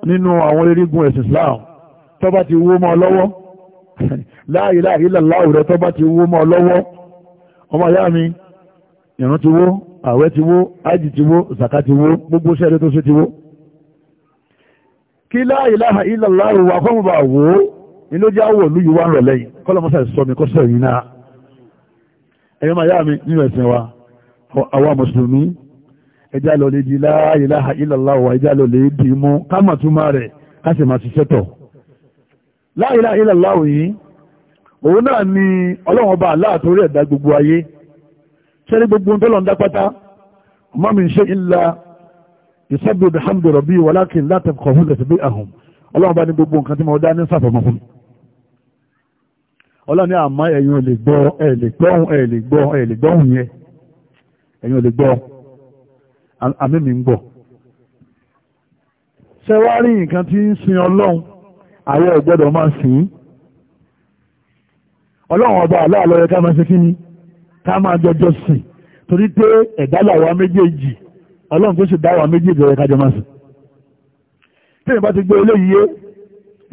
nínú àwọn erigun islam tó bá ti wó mọ́ lọ́wọ́ la ilaha illallah rẹ̀ tó bá ti wó mọ́ lọ́wọ́ ọmọ ìyá mi ìrun ti wó àwẹ̀ ti wó ájì ti wó zaka ti wó gbogbo sẹ́ẹ̀dẹ́ tó ṣe ti wó kí la ilaha illallah wà fọ́n bá wò ó ní ló jẹ́ àwọ̀ olú yìí wá ń rẹ̀ lẹ́yìn kọ́lọ́mọ́sà sọ mi kọ́ sẹ́yìn náà ẹ̀yọ́ máa yá mi nínú ẹ̀sìn wa àwa mùsùlùmí ẹjá lọ lè di la ilaha illallah wà ẹjá lọ lè dì í mú ká mà túmọ̀ rẹ̀ ká sì máa ṣiṣẹ́ tọ̀ la ilaha yìí òun náà ni ọlọ́run ọba aláàtórí ẹ̀dá gbogbo ayé ṣẹ́rí gbogbo ohun tọ́lọ̀ ń dápátá ọmọ mi ń ṣe ìlà ìṣẹ́bí òbí hàmdù rọ̀bí wàlákì láti kọ̀ fún ẹ̀sìn bí àhùn ọlọ́run ọba ní gbogbo nǹkan tí mo dá ní sàfọ̀mọ́ fún mi ọlọ́run ní àmọ́ ẹ̀yin ò lè gbọ́ ẹ̀ lè gbọ́hùn ẹ̀ lè gbọ́ ẹ̀ lè gbọ́hùn yẹn ẹ̀yin ò gbọ́ àmì mi ń gbọ́ ṣẹ́wárí nǹkan tí ń sin ọlọ́run àwọn ò máa sìn ín ọlọ́run ọba aláàlọ́ yẹ ká máa ṣe kí ni ká máa jọjọ sìn torí pé ẹ̀dá làwa méjèèjì ọlọ́run tó sì dá wa méjèèjì yẹ ká jọ máa sìn tí èèyàn bá ti gbé eléyìí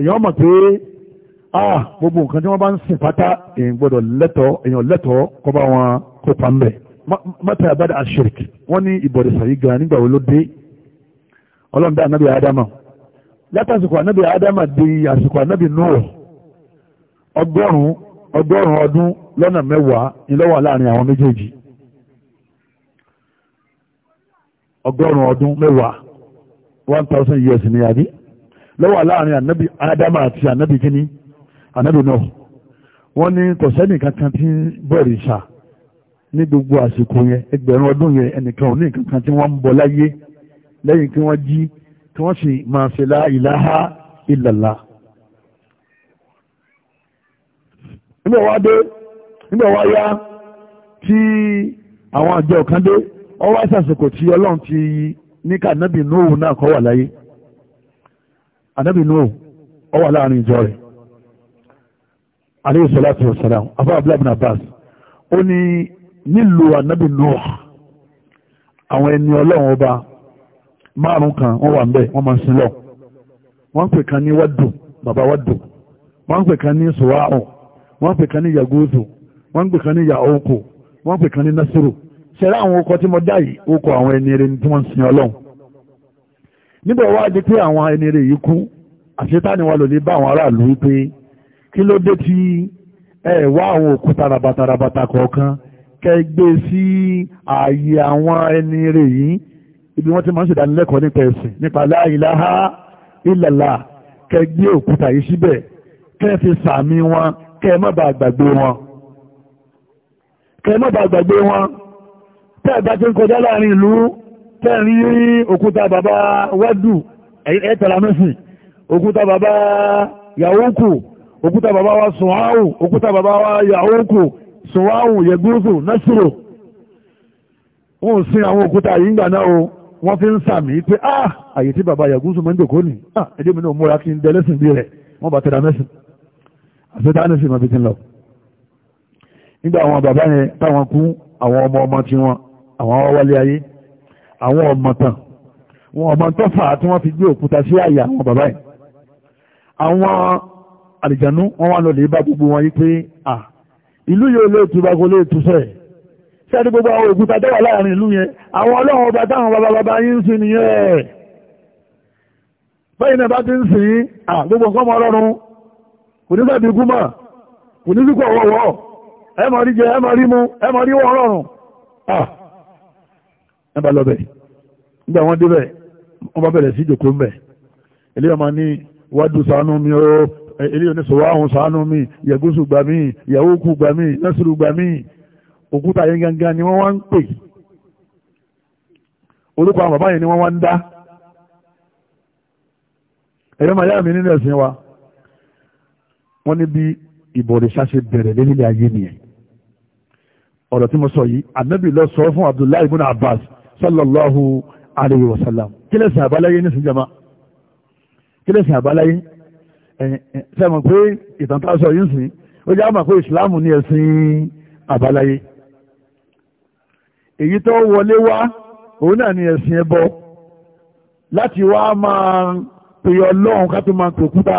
yé mọ̀ pé ah gbogbo nǹkan tí wọ́n bá ń sìn pátá èèyàn gbọ́dọ̀ lẹ́tọ̀ọ́ èèyàn lẹ́tọ̀ọ́ kọ́ bá wọn kópa ń bẹ̀ mọ́tà àbádà àṣírík wọ́n ní ìbọ̀dẹ̀sà yìí gan nígbà wo ló dé ọlọ́run ọgọ́rùn-ún ọdún lọ́nà mẹ́wàá ìlọ́wà láàrin àwọn méjèèjì ọgọ́rùn-ún ọdún mẹ́wàá one thousand years ni àbí lọ́wà láàrin ànábì adama àti ànábì kíní ànábì náà wọ́n ní kò sẹ́nì kankan tí bọ̀rì ṣà ní gbogbo àsìkò yẹn ẹgbẹ̀rún ọdún yẹn ẹnìkan ò ní kankan tí wọ́n ń bọ láyé lẹ́yìn kí wọ́n jí kí wọ́n sì máa ṣe la ilaha illallah nígbà wá dé nígbà wá yá tí àwọn àjọ kan dé ọwọ́ àṣàṣekò tí ọlọ́run ti ní ká ànábì nóòwò náà kọ́ wà láyé ànábì nóòwò ọ wà láàrin ìjọ rẹ̀ alayhi salatu wa salam afa abdullahi bin abbas ó ní nílùú ànábì nóòwò àwọn ẹni ọlọ́run ọba márùn kan wọ́n wà ń bẹ̀ wọ́n máa ń sin lọ wọ́n ń pè kan ní wádùn bàbá wádùn wọ́n ń pè kan ní sùwáhùn wọ́n pè kan ní yagoso wọ́n pè kan ní yaoko wọ́n pè kan ní nasiru ṣẹlẹ̀ àwọn okọ̀ tí mo dá yìí okọ̀ àwọn ẹni rẹ̀ tí wọ́n ń sin ọlọ́run níbẹ̀ wá di pé àwọn ẹni rẹ̀ yìí kú àṣetáni wa lò bá àwọn aráàlú wípé kí ló dé tí ẹ wá àwọn òkú tarabatarabata kọ̀ọ̀kan kẹ gbé sí ààyè àwọn ẹni rẹ̀ yìí ibi wọ́n ti máa ń ṣèdánilẹ́kọ̀ọ́ nípa ẹ̀sìn nípa la ilaha illallah kẹ gbé òkúta yìí síbẹ̀ kẹ fi sàmì wọn kẹ́ má bàa gbàgbé wọn kẹ́ má bàa gbàgbé wọn tẹ́ bá ti ń kọjá láàrin ìlú tẹ́ rí òkúta bàbá wádù ẹ̀tẹ̀lá mẹ́sìn òkúta bàbá yàwókù òkúta bàbá wa sùnwáhù òkúta bàbá wa yàwókù sùnwáhù yẹgúsù násìrò wọ́n sin àwọn òkúta yìí gbà náà ah àyè tí bàbá yàgúsù mẹ́ńdòkó ah ẹ̀dẹ́mi náà múra kí n dẹ́lẹ́sìn bí àṣetáni sì mọ̀ bí ti ń lọ nígbà àwọn bàbá yẹn táwọn kú àwọn ọmọ ọmọ tí wọn àwọn ọwọ́ wálé ayé àwọn ọmọ tán wọn ọmọ tó fà á tí wọ́n fi gbé òkúta sí àyà àwọn bàbá yẹn àwọn àlìjànú wọn wà lọlẹ bá gbogbo wọn yí pé à ìlú yóò lè tu bá kó lè tu sẹ ṣé àti gbogbo àwọn òkúta tó wà láàrin ìlú yẹn àwọn ọlọ́run ọba táwọn bàbá bàbá yín ń nìyẹn báyìí náà bá ti ń sìn kò ní sàbí gúnmọ̀ kò ní ẹ ma rí jẹ ẹ ma rí mu ẹ ma rí wọ́n rọrùn ẹ bá lọ bẹ̀ nígbà wọ́n débẹ̀ wọ́n bá bẹ̀rẹ̀ sí ìjòkó ń bẹ̀ eléyà máa ní wájú mi ó e, eléyà ní mi yẹ̀gúsù gbà mí yẹ̀wókù gbà mí gbà mí òkúta yẹn gangan ni wọ́n wá ń pè orúkọ àwọn bàbá yẹn ni wọ́n wá ń dá ẹ̀yọ́ wa wọ́n ní bí ìbọ̀rìṣà ṣe bẹ̀rẹ̀ lórílẹ̀ ayé nìyẹn ọ̀rọ̀ tí mo sọ yìí ànábì lọ sọ fún abdullahi ibn abbas sallallahu alayhi wa sallam kí lè sìn àbáláyé ní sinjama kí lè sìn àbáláyé sẹ́mọ̀ pé ìtàn tá a sọ yìí ń sìn ó jẹ́ àmọ̀ pé ìsìláàmù ni ẹ̀sìn àbáláyé èyí tó wọlé wá òun náà ni ẹ̀sìn ẹbọ láti wá máa pè ọlọ́run ká tó máa pè òkúta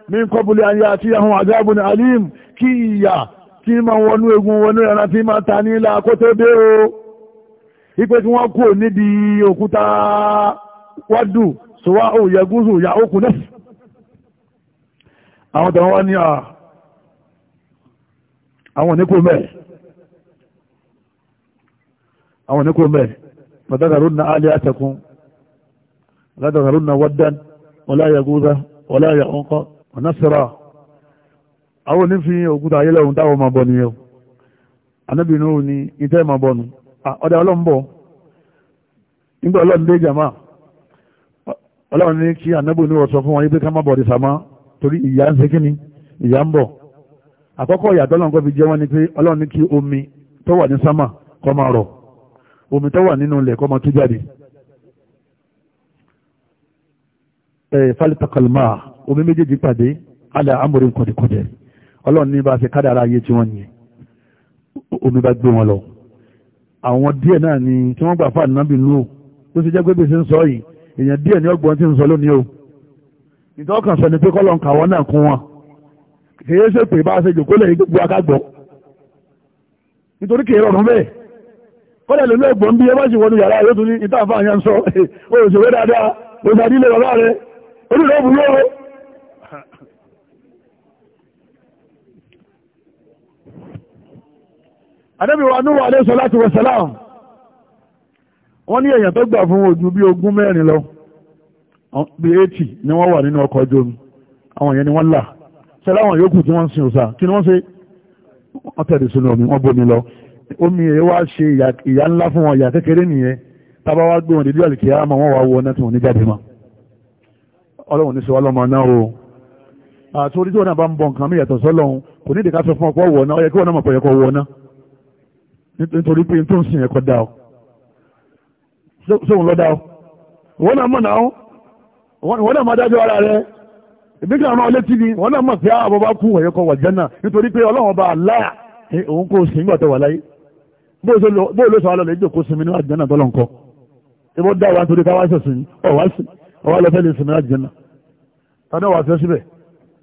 min kọbùlẹ̀ ayé àti àwọn àjábùn alim kí ìyà tí ma wọnú egun wọnú ẹran tí ma ta ní ilá kó tó dé o ipé tí wọ́n kò níbi òkúta wádù sọwá ò yẹgúsù ya ó kúnlẹ̀ àwọn tàwọn wá ní à àwọn oníkó mẹ́ àwọn oníkó mẹ́ fàdàgàrún na alẹ́ àtẹkùn fàdàgàrún na wádàn wọlá yẹgúsà wọlá yẹgúnkọ́ ọ̀nà sẹ́ra àwọn onífin òkúta ayélẹ̀ ohun táwọn máa bọ̀ nìyẹn o ni ìtẹ́ máa bọ̀ nù ọ̀dà ọlọ́run bọ̀ nígbà ọlọ́run dé jàmá sọ fún wọn yí pé ká má bọ̀ dìsàmá torí ìyá ń ṣe kí ni ìyá ń fi fálítàkàlmá omi méjèèjì pàdé alẹ́ amúrí kọ̀dẹ̀kọ̀dẹ̀ ọlọ́run ní bá ṣe kádàrá ayé tí wọ́n yẹn omi bá gbé wọn lọ àwọn díẹ̀ náà ni tí wọ́n gbà fà nábì nú o tó ṣe jẹ́ pé bí ṣe ń sọ yìí èèyàn díẹ̀ ní ọgbọ́n tí ń sọ lónìí o ìtọ́ kan sọ ni pé kọ́lọ̀ ń kà wọ́n náà kún wọn kìí ṣe pé bá ṣe jòkó lẹ́yìn gbogbo akágbọ́ nítorí kìí rọrùn bẹ́ẹ̀ kọ́lẹ̀ lónìí ọgbọ́n bí ẹ bá ṣe wọnú yàrá yóò tún ní ìtàfà yẹn ń sọ òṣèré dáadáa òṣèré ilé bàbá rẹ̀ orílẹ̀ òbí lóore Ànábì wa Nuhu alayhi salatu wọ́n ní èèyàn tó gbà fún ojú bí ogún mẹ́rin lọ bí 80 ni wọ́n wà nínú ọkọ̀ ojú omi àwọn èèyàn ni wọ́n là sẹ́láwọn yòókù tí wọ́n ń sin òsà kí ni wọ́n ṣe wọ́n tẹ̀lé sínú omi wọ́n bomi lọ omi èyí wá ṣe ìyà ńlá fún wọn ìyà kékeré nìyẹn tábà wá dédé àlìkìyà àmọ́ wọn wá wọ náà tí wọ́n ní jáde mọ́ ọlọ́run ní sọ ọlọ́mọ náà o àtúndí tó náà bá ń bọ nǹkan mi yàtọ̀ sọ́lọ́run kò ní ìdíkà sọ fún ọkọ̀ wọ̀ náà ó yẹ kí wọ́n náà mọ̀ pé ẹ̀kọ́ wọ̀ náà nítorí pé tó ń sin ẹ̀kọ́ dá o sóhun lọ dá o wọ́n náà mọ̀ náà o wọ́n náà máa dájọ́ ara rẹ̀ èmi kí àwọn ọlẹ́tí ni wọ́n náà mọ̀ pé ah, àwọn bá kú ẹ̀yọ́kọ̀ wà jẹ́nà nítorí pé ọlọ́run bá láà eh, òun kò sí nígbà tó tani wà fẹ́ síbẹ̀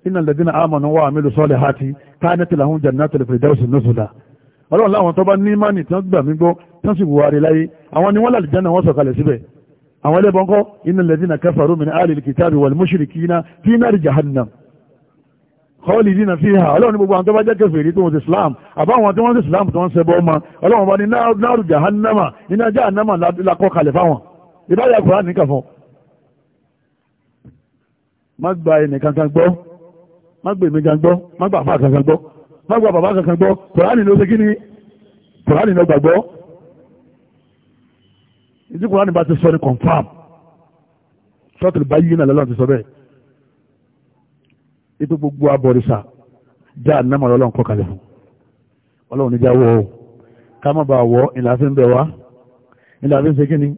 iná lẹ́dínà àmọ̀nà wà àmìlú sọ́ọ̀lẹ̀ àti káyánẹ́tì làwọn jannatu al-firdausi nuzula ọlọ́run láwọn tó bá ní mánì tí wọ́n gbà mí gbọ́ tí wọ́n sì wùwà rí láyé àwọn ni wọ́n lálẹ́ jẹ́nà wọ́n sọ̀kalẹ̀ síbẹ̀ àwọn ẹlẹ́bọn kọ́ iná lẹ́dínà kafaru min alil kitabi wal mushrikina fi nari jahannam khalidina fiha ọlọ́run ní gbogbo àwọn tó bá jẹ́ kèfèrí tó wọ́n ti islam àbáwọn tí wọ́n ti islam tó ń ṣẹbọ ọmọ ọlọ́run bá ní náàrù jahannama iná jahannama lakọ́ kalẹ̀ fáwọn ìbáyà kùrán nìkan má gba ẹnìkan kan gbọ́ má gba èmi kan gbọ́ má gba àfáà kan kan gbọ́ má gba bàbá kan kan gbọ́ kòránì ló ṣe kí ni kòránì ló gbàgbọ́ ìdí kòránì bá ti sọ ni confam sọ́ọ̀tì bá yí náà lọ́lọ́run ti sọ bẹ́ẹ̀ ipò gbogbo abọ̀rìṣà já ànámà lọ́lọ́run kọ́ kalẹ̀ fún ọlọ́run níjà wọ́ ọ ká má bàa wọ́ ìlàfin bẹ̀ wá ìlàfin ṣe kí ni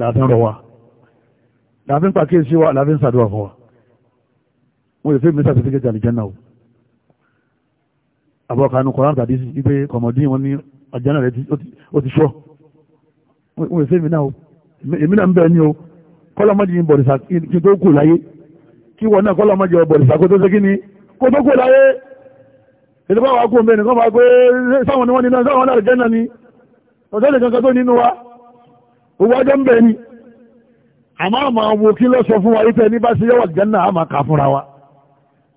làfin rọ̀ wá làfin pàkíyèsí wa làfin ṣàdúrà fún wa wọ́n lè fẹ́ mi sàtífíkẹ́tì àlìjánà o àbọ̀kanu kọ̀ọ̀rán tàbí wípé kọ̀mọ̀dín wọn ní àjánà rẹ̀ ó ti sọ wọ́n lè fẹ́ mi náà o èmi náà ń bẹ̀ ni o kọ́lọ́mọ́dé yìí bọ̀dìsà kí tó kù láyé kí wọ́n náà kọ́lọ́mọ́dé yìí bọ̀dìsà kó tó ṣe kí ni kó tó kù láyé ètò bá wà kú omi ẹnìkan máa pé sáwọn ni wọ́n ní náà sáwọn náà àlìjánà ni ọ̀sẹ̀ nìkan kan tó nínú wa owó ọjọ́ ń bẹ̀ ni àmọ́ àmọ́ wo kí ló fún wa yìí ní bá ṣe yọ̀wọ̀ àlìjánà àmọ́ kà fúnra wa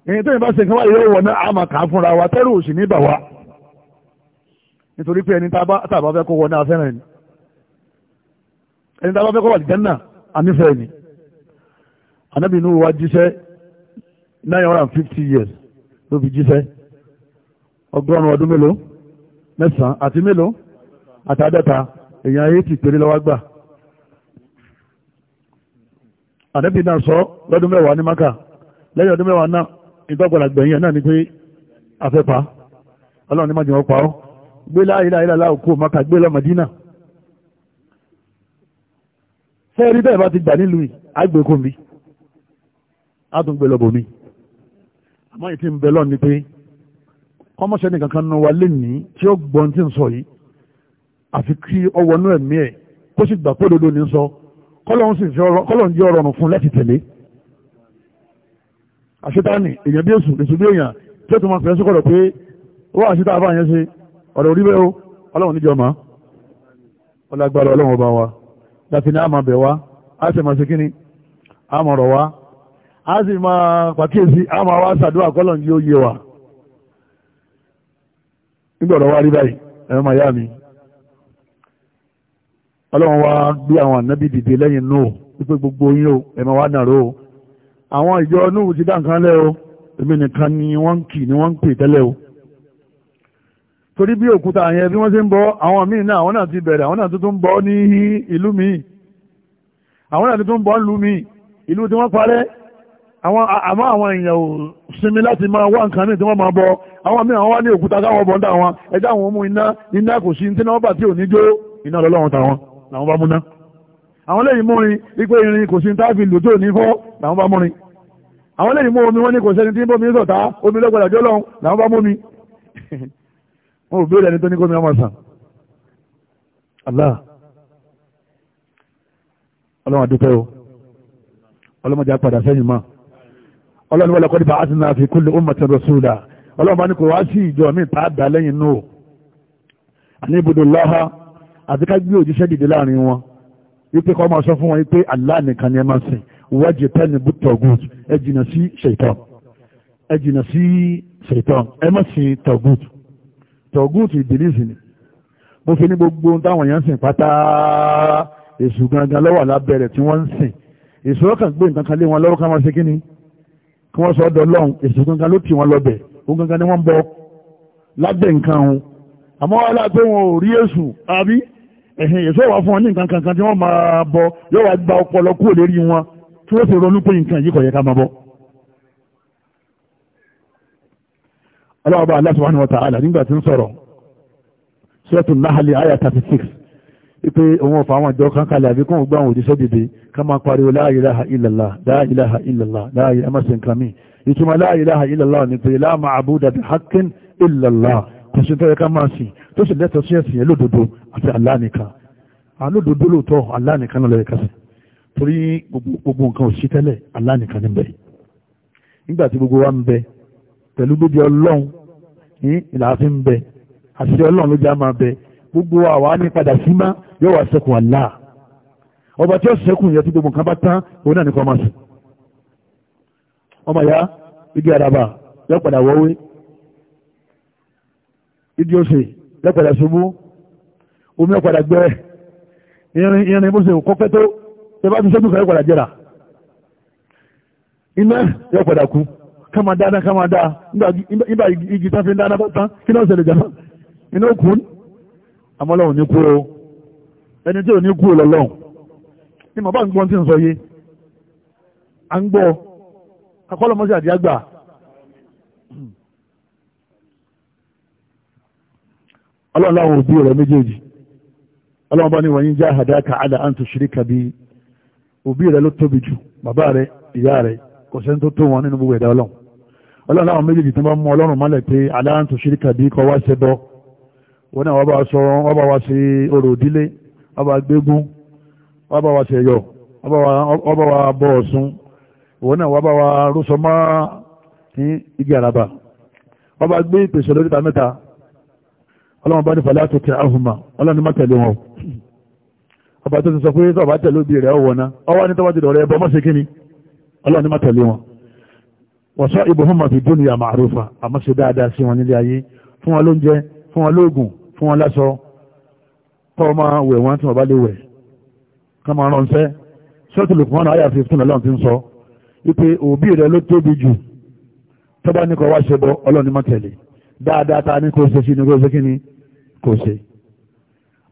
èyí tó yìnbá ṣe kan wáyé wọ̀ náà àmà kà á fúnra wa tẹ́rù òsì ní bàwá nítorí pé ẹni tàbá fẹ́ kó wọ náà fẹ́ràn ẹni ẹni tàbá fẹ́ kó wà jẹ́nà ànífẹ́ ẹni anábì inú wa jíṣẹ́ nine hundred and fifty years ló fi jíṣẹ́ ọgọ́rùn-ún ọdún mélòó mẹ́sàn-án àti mélòó àtàdẹ́ta èèyàn eighty péré lọ́wọ́ gbà anábì náà sọ lọ́dún mẹ́wàá ní maka lẹ́yìn ọdún mẹ́wàá náà ìtọ́gbọ̀dà gbẹ̀yìn náà ni pé afẹ́pa ọlọ́run ní májèmọ́ pa ọ́ gbé láìláìláìlá òkú maka gbé lọ Mádínà fẹ́ẹ̀rí bẹ́ẹ̀ bá ti gbà nílùú àgbẹ̀kọ́ mi átùngbẹ̀ lọ́bọ̀ mi àmọ́ ìtì ń bẹ lọ́ọ̀ ni pé kọ́mọ́sẹ́ nìkan kan nu wa lénìí tí ó gbọ́n tí ń sọ yìí àfi kí ọwọ́ ẹ̀mí ẹ̀ kó sì gbà pé ní sọ kọ́lọ́run sì fi kọ́lọ́run jẹ́ ọ̀rọ̀ fún láti tẹ̀lé àṣetáni èèyàn bí èsù èsù bí èèyàn tí ó tún máa fẹ́ sọ́kọ̀rọ̀ pé wọ́n àṣetá àbá yẹn ṣe ọ̀rọ̀ orí bẹ́ẹ̀ o ọlọ́run níjọ mọ́ ọlágbára ọlọ́run ọba wa láti ní àmà bẹ̀ wá á sì máa ṣe kíni wá á sì máa pàkíyèsí àmà wá ṣàdúrà kọ́lọ̀ yóò yé wa nígbà ọ̀rọ̀ wá rí báyìí ẹ̀rọ màá yá mi ọlọ́run wá bí àwọn ànábì dìde lẹ́yìn náà wípé gbogbo yín o ẹ̀ máa nàró o àwọn ìjọ núhù ti dáǹkan lẹ́ o èmi nìkan ni wọ́n ń kì ní wọ́n ń pè tẹ́lẹ̀ o torí bí òkúta àyẹn bí wọ́n ṣe ń bọ́ àwọn míì náà àwọn náà ti bẹ̀rẹ̀ àwọn náà tuntun ń bọ́ ní ìlú míì àwọn náà tuntun ń bọ́ ìlú míì ìlú tí wọ́n parẹ́ àwọn àmọ́ àwọn èèyàn ò sinmi láti máa wá nǹkan míì tí wọ́n máa bọ àwọn míì àwọn wá ní òkúta káwọn bọ̀ ń dà wọn ẹjẹ́ àwọn mú iná iná kò sí tí wọ́n bà tí ò ní jó iná lọ́lọ́run tàwọn làwọn bá múná àwọn lẹ́yìn mú irin ipe irin kò sí táàbì lò tó fọ́ làwọn bá múrin àwọn lẹ́yìn mú omi wọ́n ní kò sẹ́ni tí ń bómi sọ̀tá omi lọ́gbọ̀dà jọ lọ́hùn làwọn bá múmi wọn ò béèrè ẹni tó ní gómìnà máa sàn Allah ọlọ́run àdúpẹ́ o ọlọ́mọdé apàdà sẹ́yìn mọ́ ọlọ́run wọlé kọ́dí bá a ti náà fi kulli ummatin rasula ọlọ́run bá ní kò wá sí ìjọ mi tá a dà lẹ́yìn náà àní ibùdó láha àti ká gbé òjíṣẹ́ dìde láàrin wọn wípé kọ́ máa sọ fún wọn wípé Allah nìkan ni ẹ máa sìn wájú tẹ́ni bùtọ̀gùt ẹ jìnà sí ṣètọ́n ẹ jìnà sí ṣètọ́n ẹ má sìn tọ̀gùt tọ̀gùt ìdílísì ni mo fi ní gbogbo táwọn èèyàn sìn pátá èṣù gangan lọ́wọ́ lábẹ́rẹ̀ tí wọ́n ń sìn èṣù ọkàn gbé nǹkan kan lé wọn lọ́wọ́ ká máa ṣe kí kí wọ́n sọ ọ́dọ̀ lọ́hùn èṣù gangan ló tì wọ́n lọ́bẹ̀ ó gangan ni wọ́n bọ lábẹ́ nǹkan òun àmọ́ wọn ò ẹ̀hìn èso wà fún ọ ní nǹkan kankan tí wọ́n máa bọ yóò wá gba ọpọlọ kúrò lérí wọn tí wọ́n sì ronú pé nǹkan yìí kò yẹ ká máa bọ. ọlọ́ọ̀bá Allah subhanahu wa ta'ala nígbà tí ń sọ̀rọ̀ suratul Nahl àyà thirty six ipe òun ọ̀fà àwọn àjọ kan kalẹ̀ àbí kóun gbá àwọn òjíṣẹ́ dìde ká máa pariwo la ilaha illallah la ilaha illallah láàyè ẹmọ́sìn kàmí ìtumọ̀ la ilaha tẹ̀sí tó yẹ ká máa sìn tó sì lẹ́tọ̀ọ́ sí ẹ̀sìn yẹn lódodo àti Allah nìkan alódodo lóòótọ́ Allah nìkan náà lọ́yẹ̀ kásì torí gbogbo nǹkan ò sí tẹ́lẹ̀ Allah nìkan níbẹ̀ nígbà tí gbogbo wa ń bẹ pẹ̀lú gbogbo ọlọ́run ní ìlàáfíà ń bẹ àti ọlọ́run ló já máa bẹ gbogbo àwa ní padà sí má yóò wá sẹ́kùn Allah ọba tí ó sẹ́kùn yẹn tí gbogbo nǹkan bá tán òun náà nìkan máa sùn ọmọ ya igi ìdí ose lẹ́pẹ̀lẹ̀ ṣubú omi ọ̀padà gbẹ irin irin bó ṣe kọ́pẹ́ tó tẹ bá ti ṣẹ́jú kan ọ̀padà jẹ́ra iná yóò padà kú ká máa dáadáa ká máa nígbà igi tán fi ń tán kí náà ṣẹlẹ̀ jàmá iná kú ní kú o ẹni tí ò ní kú lọ́lọ́hùn ni màbá ń gbọ́n ọlọ́run láwọn òbí rẹ̀ méjèèjì ọlọ́run bá ní wọ̀nyí já àdáka àdá àǹtò ṣìríkà bí òbí rẹ̀ ló tóbi jù bàbá rẹ̀ ìyá rẹ̀ kò sẹ́ni tó tó wọn nínú gbogbo ẹ̀dá ọlọ́run ọlọ́run láwọn méjèèjì tó bá mú ọlọ́run mọ́lẹ̀ pé àdá àǹtò ṣìríkà bí kọ́ wá ṣẹbọ wọn náà wọ́n bá sọ wọ́n bá wá sí orò òdílé wọ́n bá gbégún wọ́n bá wá ṣẹ̀yọ wọ́n bá wá bọ Ọ̀ṣun wọn náà wọ́n bá wá rúṣọ mọ́ igi àràbà wọ́n bá gbé ìpèsè lóríta mẹ́ta ọlọ́run bá ní fàlẹ́ àtòkè ahùnmá ọlọ́run ní má tẹ̀lé wọn ọba tó ti sọ pé tọ́ba tẹ̀lé òbí rẹ̀ ọwọ́ ná ọwọ́ ní tọ́ba ti dọ̀rẹ́ ẹbọ mọ́sẹ̀ kí ni ọlọ́run ní má tẹ̀lé wọn wọ́sọ ibuhuma fi dunya ma'rufa àmọ́ ṣe dáadáa sí wọn nílé ayé fún wọn lóúnjẹ fún wọn lóògùn fún wọn láṣọ kọ́ ọ máa wẹ̀ wọ́n tí wọ́n bá lè wẹ̀ ká máa ránṣẹ́ sọ́ọ̀tì dáadáa ta ní kò ṣe sí ní kò ṣe kí ni kò ṣe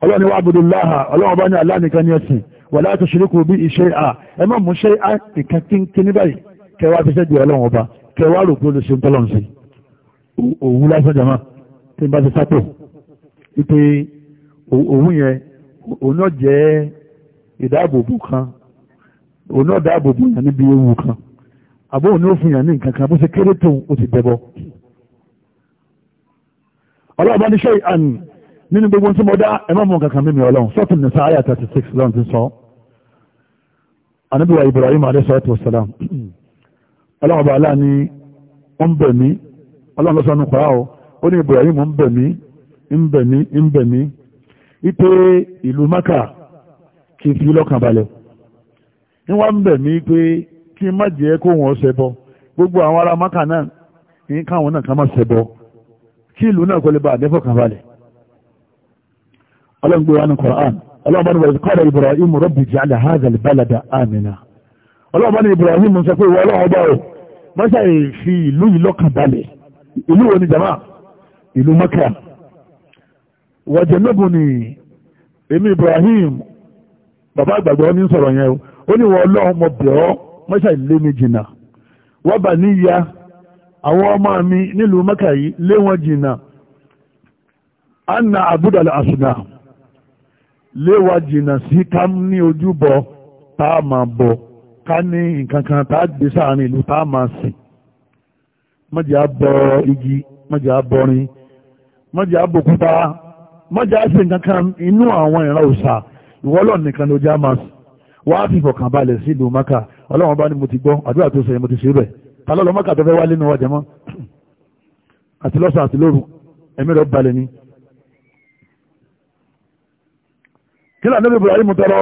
ọlọ́ni wa abudullaha ọlọ́wọ́ bá ní aláàníkan ní ẹ̀sìn wà láti ṣíríkù bí iṣẹ́ à ẹ má mú ṣe à nǹkan kí ní báyìí kẹwàá fi ṣẹ́jú ọlọ́wọ́ ọba kẹwàá rò pé olùsìn tọ́lọ̀ ń sí òwú lásán jama tí n bá ti sápò wípé òwú yẹn òun náà jẹ́ ìdáàbòbò kan òun náà dáàbòbò yẹn níbi ewu kan àbóhùn ní ó yẹn ní nǹkan kan bó ṣe kéré tóun ó ti dẹbọ ọlọ́ọ̀bá ní ṣe àn nínú gbogbo tí mo dá ẹmọ́ mọ̀ kankan mímí ọlọ́run sọ́tún nìsa àyà 36 lọ́n ti sọ anábíwá Ibrahim alẹ́sọ̀tò sàlám ọlọ́ọ̀bá aláà ni ó ń bẹ̀ mí ọlọ́run lọ́sọ̀ nípa ọ́ ó ní Ibrahim ń ipe ìlú Maka kì í fi lọ́kàn balẹ̀ ń gbogbo àwọn ará Maka náà kí káwọn náà kí ìlú náà kò lè bá àdẹ́fọ̀kàn balẹ̀ ọlọ́gbé wa ní Qur'an ọlọ́gbọ́n ní wọ́n kọ́ra Ibrahim rabbi ja'ala hadha al-balada amina ọlọ́gbọ́n ní Ibrahim sọ pé ìwọ ọlọ́wọ́ bá o mọ́ṣá fi ìlú yìí lọ́kàn balẹ̀ ìlú wo ni jama ìlú Maka wàjẹ̀lóbù ni èmi Ibrahim bàbá àgbàgbọ́ ní àwọn ọmọ mi nílùú mẹ́kà yìí lé wọn anna sí ká ní ojúbọ a bọ ká ní nkankan kan gbé sáàrin ìlú tá a sìn bọ igi mọ́jà bọrin mọ́jà bòkúta mọ́jà sí nǹkan inú àwọn ìran òòṣà ìwọ́lọ̀ nìkan ló já máa sìn wá fìfọ̀kànbalẹ̀ sí ìlú mẹ́kà ọlọ́run bá ní mo ti gbọ́ àdúrà tó sẹ́yìn mo ti tálọ́ lọ mọ́kà tó fẹ́ wálé nu ọjà mọ́ àti lọ́sàn àti lóru ẹ̀mí rẹ̀ balẹ̀ ni. kí lànà bí Ibrahim tọrọ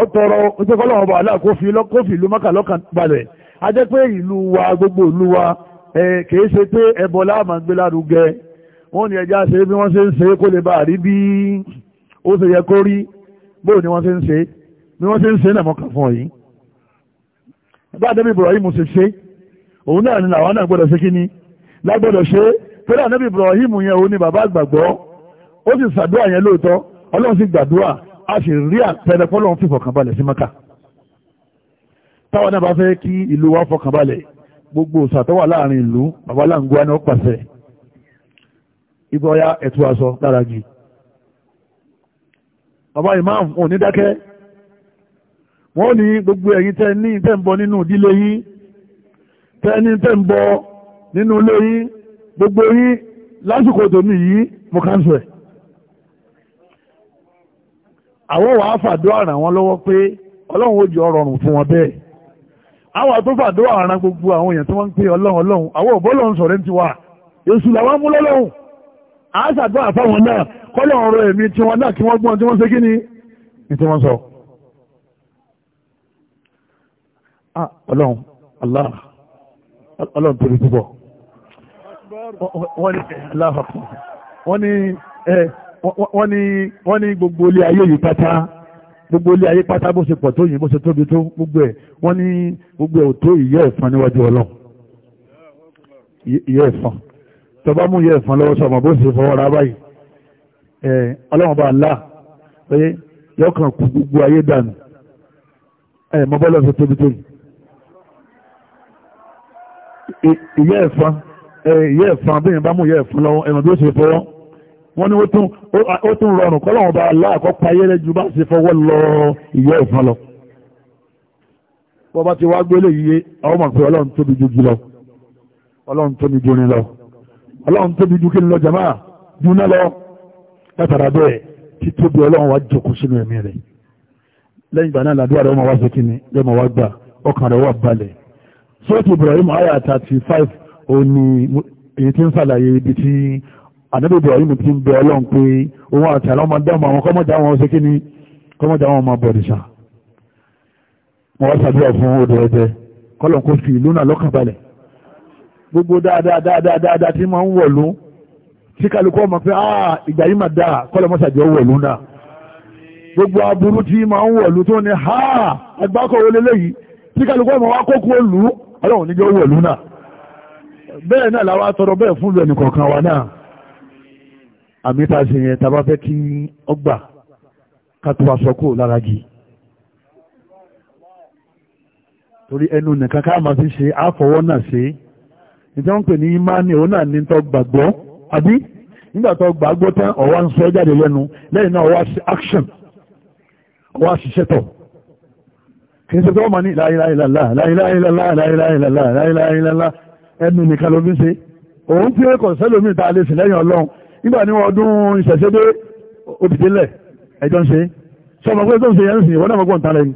ọ tọrọ oṣù kọlọ́wọ́ bọ̀ aláà kófì kófì ìlú mọ́kà lọ́kàn balẹ̀ a jẹ́ pé ìlú wa gbogbo ìlú wa kìí ṣe pé ẹbọ láàmà gbé lárugẹ wọ́n ní ẹja ṣe bí wọ́n ṣe ń ṣe kó lè bá àrí bí ó ṣe yẹ kó rí bóò ni wọ́n ṣe ń ṣe bí wọ́n ṣe ń ṣe náà mọ́kà fún ọ yìí bá ànábì Ibrahim ṣe ṣe òun náà ni làwọn náà gbọ́dọ̀ ṣe kíní lágbọ́dọ̀ ṣe pẹ̀lú ànábì Ibrahim yẹn òun ni bàbá àgbàgbọ́ ó sì ṣàdúrà yẹn lóòótọ́ ọlọ́run sì gbàdúrà a sì rí àpẹẹrẹ pọ́lọ́run fi fọkànbalẹ̀ sí maka táwọn náà bá fẹ́ kí ìlú wa fọkànbalẹ̀ gbogbo ìṣàtọ́wà láàrin ìlú bàbá làǹgbọ́n ni ó pàṣẹ ibọ̀ ya ẹ̀tù imam òní dákẹ́ wọ́n ní gbogbo ẹ̀yin tẹ́ ní tẹ́ ń bọ nínú ìdílé yín tẹ́ ní tẹ́ ń bọ nínú ilé yín gbogbo yín lásìkò tòní yìí mo kánṣu ẹ̀. àwọn wàá fàdúrà ràn wọ́n lọ́wọ́ pé ọlọ́run ó jẹ ọ̀rọ̀ ọ̀rùn fún wọn bẹ́ẹ̀. àwọn tó fàdúrà ràn gbogbo àwọn èèyàn tí wọ́n ń pè ọlọ́run ọlọ́run àwọn òbó lòun sọ̀rọ̀ ti wà èṣù làwọn mú lọ́lọ́run àá Ah, ọlọ́run allah ọlọ́run tóbi púpọ̀ wọ́n ní wọ́n ní wọ́n ní gbogbo ilé ayé yìí pátá gbogbo ilé ayé pátá bó ṣe pọ̀ tó yìí bó ṣe tóbi tó gbogbo ẹ̀ wọ́n ní gbogbo ẹ̀ ò tó ìyẹ́ ẹ̀fọn níwájú ọlọ́run ìyẹ́ ẹ̀fọn tó bá mú ìyẹ́ ẹ̀fọn lọ́wọ́ sọ̀mọ̀ bó ṣe fọwọ́ ra báyìí ọlọ́run bá ńlá pé yọkàn kú gbogbo ayé dànù ẹ̀ mọ́ bọ́lá ṣe tóbi ìyẹ́ ẹ̀fọn ìyẹ́ ẹ̀fọn bí ìyẹn bá mú ìyẹ́ ẹ̀fọn lọ́wọ́ ẹ̀rùn bí ó ṣe fọwọ́ wọ́n ní ó tún rọrùn kọ́ lọ́wọ́ bá aláàkọ́ payẹ́rẹ́ ju bá ṣe fọwọ́ lọ ìyẹ́ ẹ̀fọn lọ. bọ́ba ti wá gbélé yíyé àwọn ọmọ pé ọlọ́run tóbi ju jù lọ ọlọ́run tóbi ju ni lọ ọlọ́run tóbi ju kí ni lọ jàmáà ju náà lọ látara bẹ́ẹ̀ títóbi ọlọ́run wá jókòó sínú ẹ̀mí rẹ̀ lẹ́yìn ìgbà náà làdúrà rẹ̀ ọmọ wá sí kíni sọ́ọ̀tì Ibrahim ayah thirty five òní èyí tí ń ṣàlàyé ibi tí ànábì Ibrahim ti ń bẹ ọlọ́run pé òun àti àwọn ọmọdé ọmọ àwọn kọ́mọdé àwọn ṣe kíni kọ́mọdé àwọn ọmọ bọ̀dìṣà wọ́n wá ṣàdúrà fún odò ẹ̀jẹ̀ kọ́lọ̀ kó fi ìlú náà lọ́kàn balẹ̀ gbogbo dáadáa dáadáa dáadáa tí máa ń wọ̀lú tí kálukú ọmọ pé ah ìgbà yìí mà dáa kọ́lọ̀ mọ́ṣàjọ́ wọ̀lú náà gbogbo aburú tí máa ń wọ̀lú tó ní ha àgbákò wọlé léyìí tí kálukú ọmọ wa kókó lù ú ọlọ́run níjọ́ wọ̀ lúnà bẹ́ẹ̀ náà làwọn tọrọ bẹ́ẹ̀ fún lẹ́nu kọ̀ọ̀kan wa náà àmì tá a ṣe yẹn tá fẹ́ kí ọgbà ká tó wa sọ́kò lára jì torí ẹnu nìkan ká máa fi ṣe àfọwọ́ náà ṣe níta ń pè ní imáni òun náà ní tó gbàgbọ́ àbí nígbà tó gbàgbọ́ tán ọ̀wá ń sọ jáde lẹ́nu lẹ́yìn náà ọ̀wá sí action ọ̀wá sí kìí ṣe pé wọ́n ma ní láìláìlàlá láìláìlàlá láìláìlàlá láìláìlàlá ẹnu nìkan ló fi ṣe òun tí ó kọ̀ sẹ́lómi ta lè sì lẹ́yìn ọlọ́run nígbà ní ọdún ìṣẹ̀ṣẹ́dé òdìdélẹ̀ ẹjọ́ ń ṣe sọmọ pé tó ń ṣe yẹn sì wọ́n náà mọ́gbọ́n tán lẹ́yìn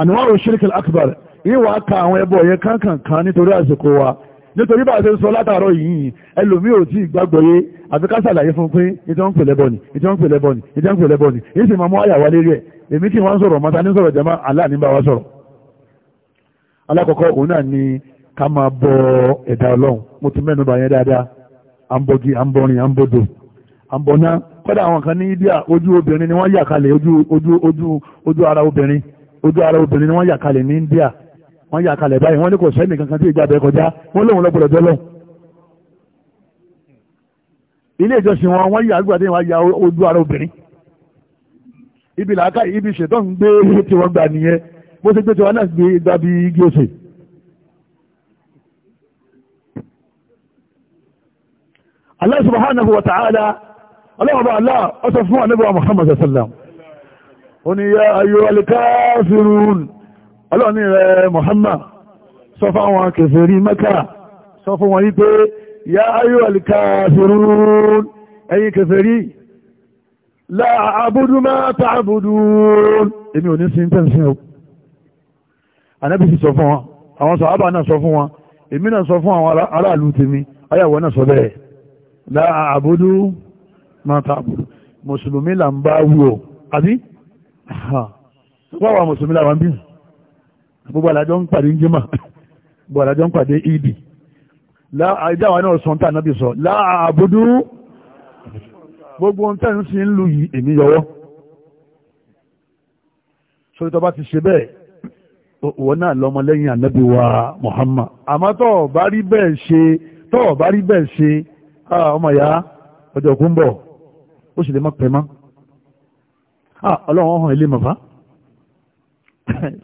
àníwá ò ṣíríkì akbar yìí wàá ka àwọn ẹbọ yẹn kánkànkan nítorí àsìkò wa nítorí bá a ṣe sọ látàárọ̀ yìí ẹlòmíì ò tí ì gbàgbọ́ yé àfi ká ṣàlàyé fún pé ìjọ ń pèlè bọ̀ ni ìjọ ń pèlè bọ̀ ni ìjọ ń pèlè bọ̀ ni yìí sì máa mú àyàwá lérí ẹ̀ èmi tí wọ́n sọ̀rọ̀ mọ́ta ní sọ̀rọ̀ ala Allah ní bá wa sọ̀rọ̀ alákọ̀ọ́kọ́ òun náà ni ká máa bọ ẹ̀dá ọlọ́run mo ti mẹ́nu bà dáadáa à ń à ń bọrin à kan ní India ojú obìnrin ni wọ́n yà kalẹ̀ ojú ara obìnrin ojú ara obìnrin ni wọ́n yà kalẹ̀ ní India wọ́n yà kalẹ̀ báyìí wọ́n ní kò sẹ́ni kankan tí ìjà kọjá wọ́n lóun ilé ìjọsìn wọn ara obìnrin ibi làákà ibi ṣètọ́ ń gbé tí wọ́n gbà nìyẹn bó ṣe gbé tí wọ́n náà gbé gbà bí igi òsè. Allah subhanahu wa ta'ala ọlọ́wọ́ bá aláà ọ sọ fún ànábì Muhammad sallam ó ní ya ayyuhal rẹ̀ Muhammad sọ fún àwọn kèfèrí Mẹ́kà sọ fún wọn yí pé ya ayyuhal kafirun ẹ̀yin kèfèrí láàbùdú máa tààbùdú èmi ò ní sí tẹ́sí o anábì sì sọ fún wọn àwọn sàábà náà sọ fún wọn èmi náà sọ fún àwọn aráàlú tèmi ayàwó náà sọ bẹ́ẹ̀ láàbùdú máa tààbùdú mùsùlùmí là ń bá wù ọ àbí wọ́n wà mùsùlùmí là wọn bí gbogbo àlàjọ ń pàdé jimá gbogbo àlàjọ ń pàdé ìdì láàbùdú náà sọ ń tà náà bí sọ láàbùdú gbogbo ohun tẹ́ ń fi ń lu yìí èmi yọwọ́ sórí tó bá ti ṣe bẹ́ẹ̀ òun náà lọ́mọlẹ́yìn ànábì wa Muhammad àmọ́ tó o bá rí bẹ́ẹ̀ ṣe tó o bá rí bẹ́ẹ̀ ṣe ọmọ ìyá ọjọ́ òkú ń bọ̀ ó sì lè má pẹ́ mọ́ ọlọ́run ọ̀hún ilé màfá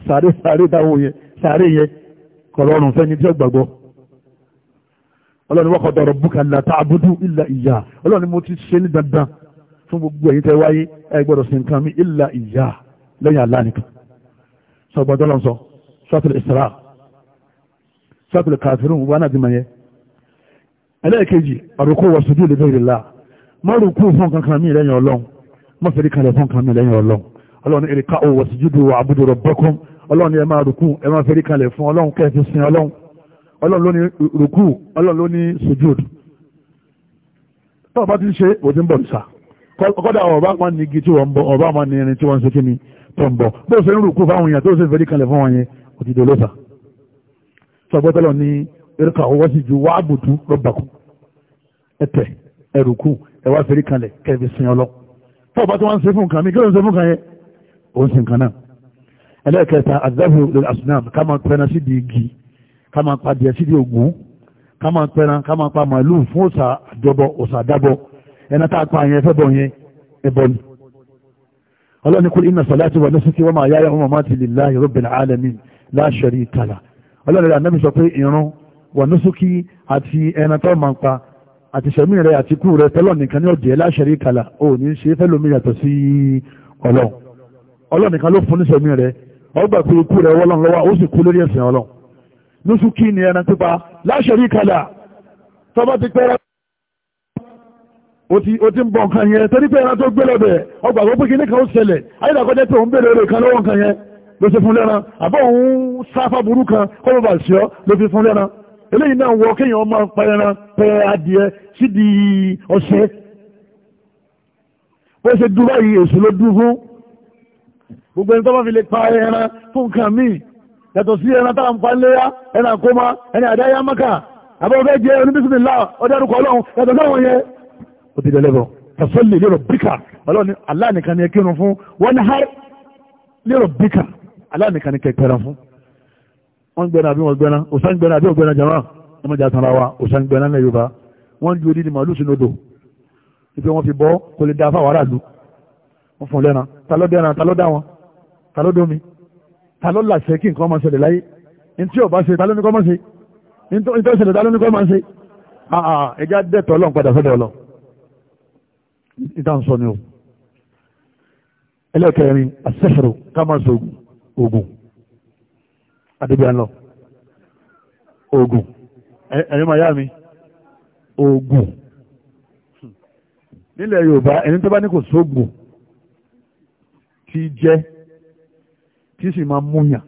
sàárè sàárè dáwọ́ yẹn sàárè yẹn kọ̀ọ̀rọ̀ fẹ́ni tí ó gbàgbọ́ ọlọ́run wọ́kọ̀ dọ̀rọ̀ búkà làtà àbúdú ìlà ìyá ọlọ́run mo ti ṣe ní dandan fún gbogbo ẹ̀yin tẹ́ wáyé ẹ gbọ́dọ̀ sí nǹkan mi ìlà ìyá lẹ́yìn àlá nìkan sọgbọ́dọ́ lọ́n sọ sọ́tìlì ìsra sọ́tìlì kàfírùn wà náà ti yẹn ẹlẹ́ẹ̀kejì àrùkù wọ sùdú lè bẹ̀rẹ̀ la má rùkù fún kankan mi lẹ́yìn ọlọ́run má fẹ́rí kalẹ̀ fún kankan mi lẹ́yìn ọlọ́run ọlọ́run ọlọ́run ló ní rùkú ọlọ́run ló ní sujud tọ́ọ̀ bá ti ṣe òtí ń bọ̀ nìṣà kọ́dà ọba máa ní igi tí wọ́n ń bọ̀ ọba máa ní irin tí wọ́n ń ṣe kí ni tó ń bọ̀ bó ṣe ń rùkú fáwọn èèyàn tó ṣe fẹ́rí kalẹ̀ fún wọn yẹn òtí dolóṣà sọgbọ́tọ́lọ́ ní erékà owó sì ju wáàbùtú rọ́bàkú ẹ̀tẹ̀ ẹ̀rùkú ẹ̀wá fẹ́rí kalẹ̀ kẹ́ẹ̀fì sin ọlọ́ tọ́ọ̀ bá tí wọ́n ń ṣe fún nǹkan mi kí ló ń ṣe fún nǹkan yẹn òun sì nǹkan náà ẹlẹ́ẹ̀kẹta àdáhùn lórí àsùnà ká pẹ́ná sí di igi ká máa pa díẹ̀ sí Ògún ká máa pẹran ká máa pa màálù fún òsà àjọbọ òsà àdábọ ẹni tá a pa àyẹn fẹ́bọ yẹn ẹbọ ni ọlọ́ni kul inna salati wa nusuki wa mahyaya wa mamati lillahi rabbil alamin la sharika lah ọlọ́ni rẹ̀ anábì sọ pé ìrun wa nusuki àti ẹni tó máa pa àti sẹ̀mí rẹ̀ àti kú rẹ̀ tẹ́lọ̀ nìkan ní ọ̀jẹ̀ la sharika ò ní ṣe fẹ́lómi yàtọ̀ sí ọlọ́run ọlọ́run nìkan ló fún ní sẹ̀mí rẹ̀ ọgbà pé ikú rẹ̀ wọ́lọ́n lóṣù kí ni ẹran pípa láṣẹrí kalà tọ́bọ́ ti pẹ́ra o ti ń bọ̀ nǹkan yẹn torí pé ẹran tó gbé lọ́bẹ̀ ọgbà gbogbo kí ní kan ó ṣẹlẹ̀ ayédàkọ́jẹ́ tó ń bèèrè olè kan lọ́wọ́ nǹkan yẹn ló ṣe fún lẹ́ran àbọ̀ òun sáfà burú kan kọ́ bó bá ọ́ ló fi fún lẹ́ran eléyìí náà wọ kéèyàn máa pẹran pẹ adìẹ sídìí ọṣẹ bó ṣe dúró yìí èṣù ló dún gbogbo ẹni tó bá fi lè pa ẹran fún nǹkan míì yàtọ̀ sí ẹran táwọn pa léyà ẹran àkómá ẹni àdáyá mọ́kà àbọ̀fẹ́ jẹ́ oníbísímìlá ọdárúkọ ọlọ́run yàtọ̀ sáwọn yẹn ó ti dẹ̀lẹ́bọ̀ tàṣọ́lì lérò bíkà ọlọ́run aláàníkan ni kírun fún wọ́n há lérò bíkà aláàníkan ni kẹkẹrẹ fún wọ́n gbẹ̀rẹ̀ àbí wọ́n gbẹ̀rẹ̀ òsán gbẹ̀rẹ̀ àbí ògbẹ̀rẹ̀ jama ọmọ jà sanra wa òsán gbẹ̀rẹ̀ ní yorùbá wọ́n ju odidi màálù sínú odò ife wọn fi bọ́ kò lè da fáwọn aráàlú wọ́n fún lẹ́ran talọ́dẹ́ran talọ́dá wọn talọ́dọ́mi ta ló làṣẹ kí nǹkan máa ṣẹlẹ̀ láyé ní tí ò bá ṣe ta ló ní kọ́ máa ṣe ní tó ṣẹlẹ̀ ta ló ní kọ́ máa ṣe ah, ah, ẹja dẹ́tọ̀ ọlọ́run padà sọ́dọ̀ ọlọ́ ìtàn sọ ni o ẹlẹ́kẹrin àṣẹ́ṣẹ̀rò ká máa ṣe oògùn adébíyàn lọ oògùn ẹ̀yin máa yá mi oògùn nílẹ̀ yorùbá ẹni tó bá ní kò sóògùn tí jẹ́ tí sì máa múyàn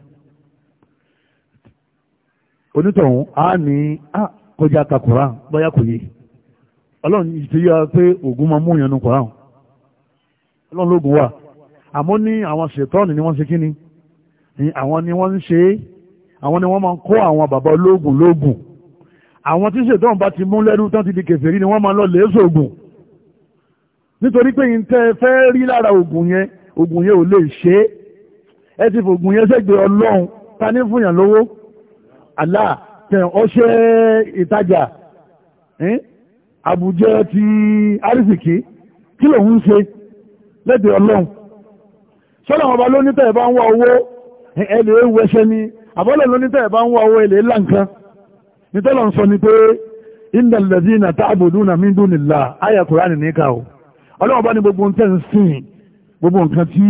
onítọ̀hún á ní á kọjá ka koran bóyá kò yé ọlọ́run ti yọ pé oògùn máa múyàn nu koran ọlọ́run lóògùn wà àmọ́ ní àwọn ṣètọ́ọ̀nì ni wọ́n ṣe kí ni ni àwọn ni wọ́n ń ṣe é àwọn ni wọ́n máa ń kó àwọn bàbá ológun lógun àwọn tí ṣètọ́ọ̀n bá ti mú lẹ́nu tán ti di kèfèrí ni wọ́n máa lọ lèé sóògùn nítorí pé yìí tẹ́ fẹ́ rí lára oògùn yẹn oògùn yẹn ò lè ṣe é ẹ ti fògùn yẹn ṣègbè ọlọ́run ta ní fún yàn lówó Allah tẹ̀yàn ọṣẹ́ ìtajà àbùjẹ ti arísìkí kí lòun ń ṣe lẹ́dẹ̀ ọlọ́run sọ́lọ́ ọba ló nítẹ̀ bá ń wá owó ẹlẹ́ wẹṣẹ́ ni àbọ́lẹ̀ ló nítẹ̀ bá ń wá owó ẹlẹ́ láǹkan nítọ́lọ̀ ń sọ ni pé innal ladhina ta'buduna min dunillah àyà Kùránì nìkan o ọlọ́run bá ní gbogbo ń tẹ̀ ń sìn gbogbo nǹkan tí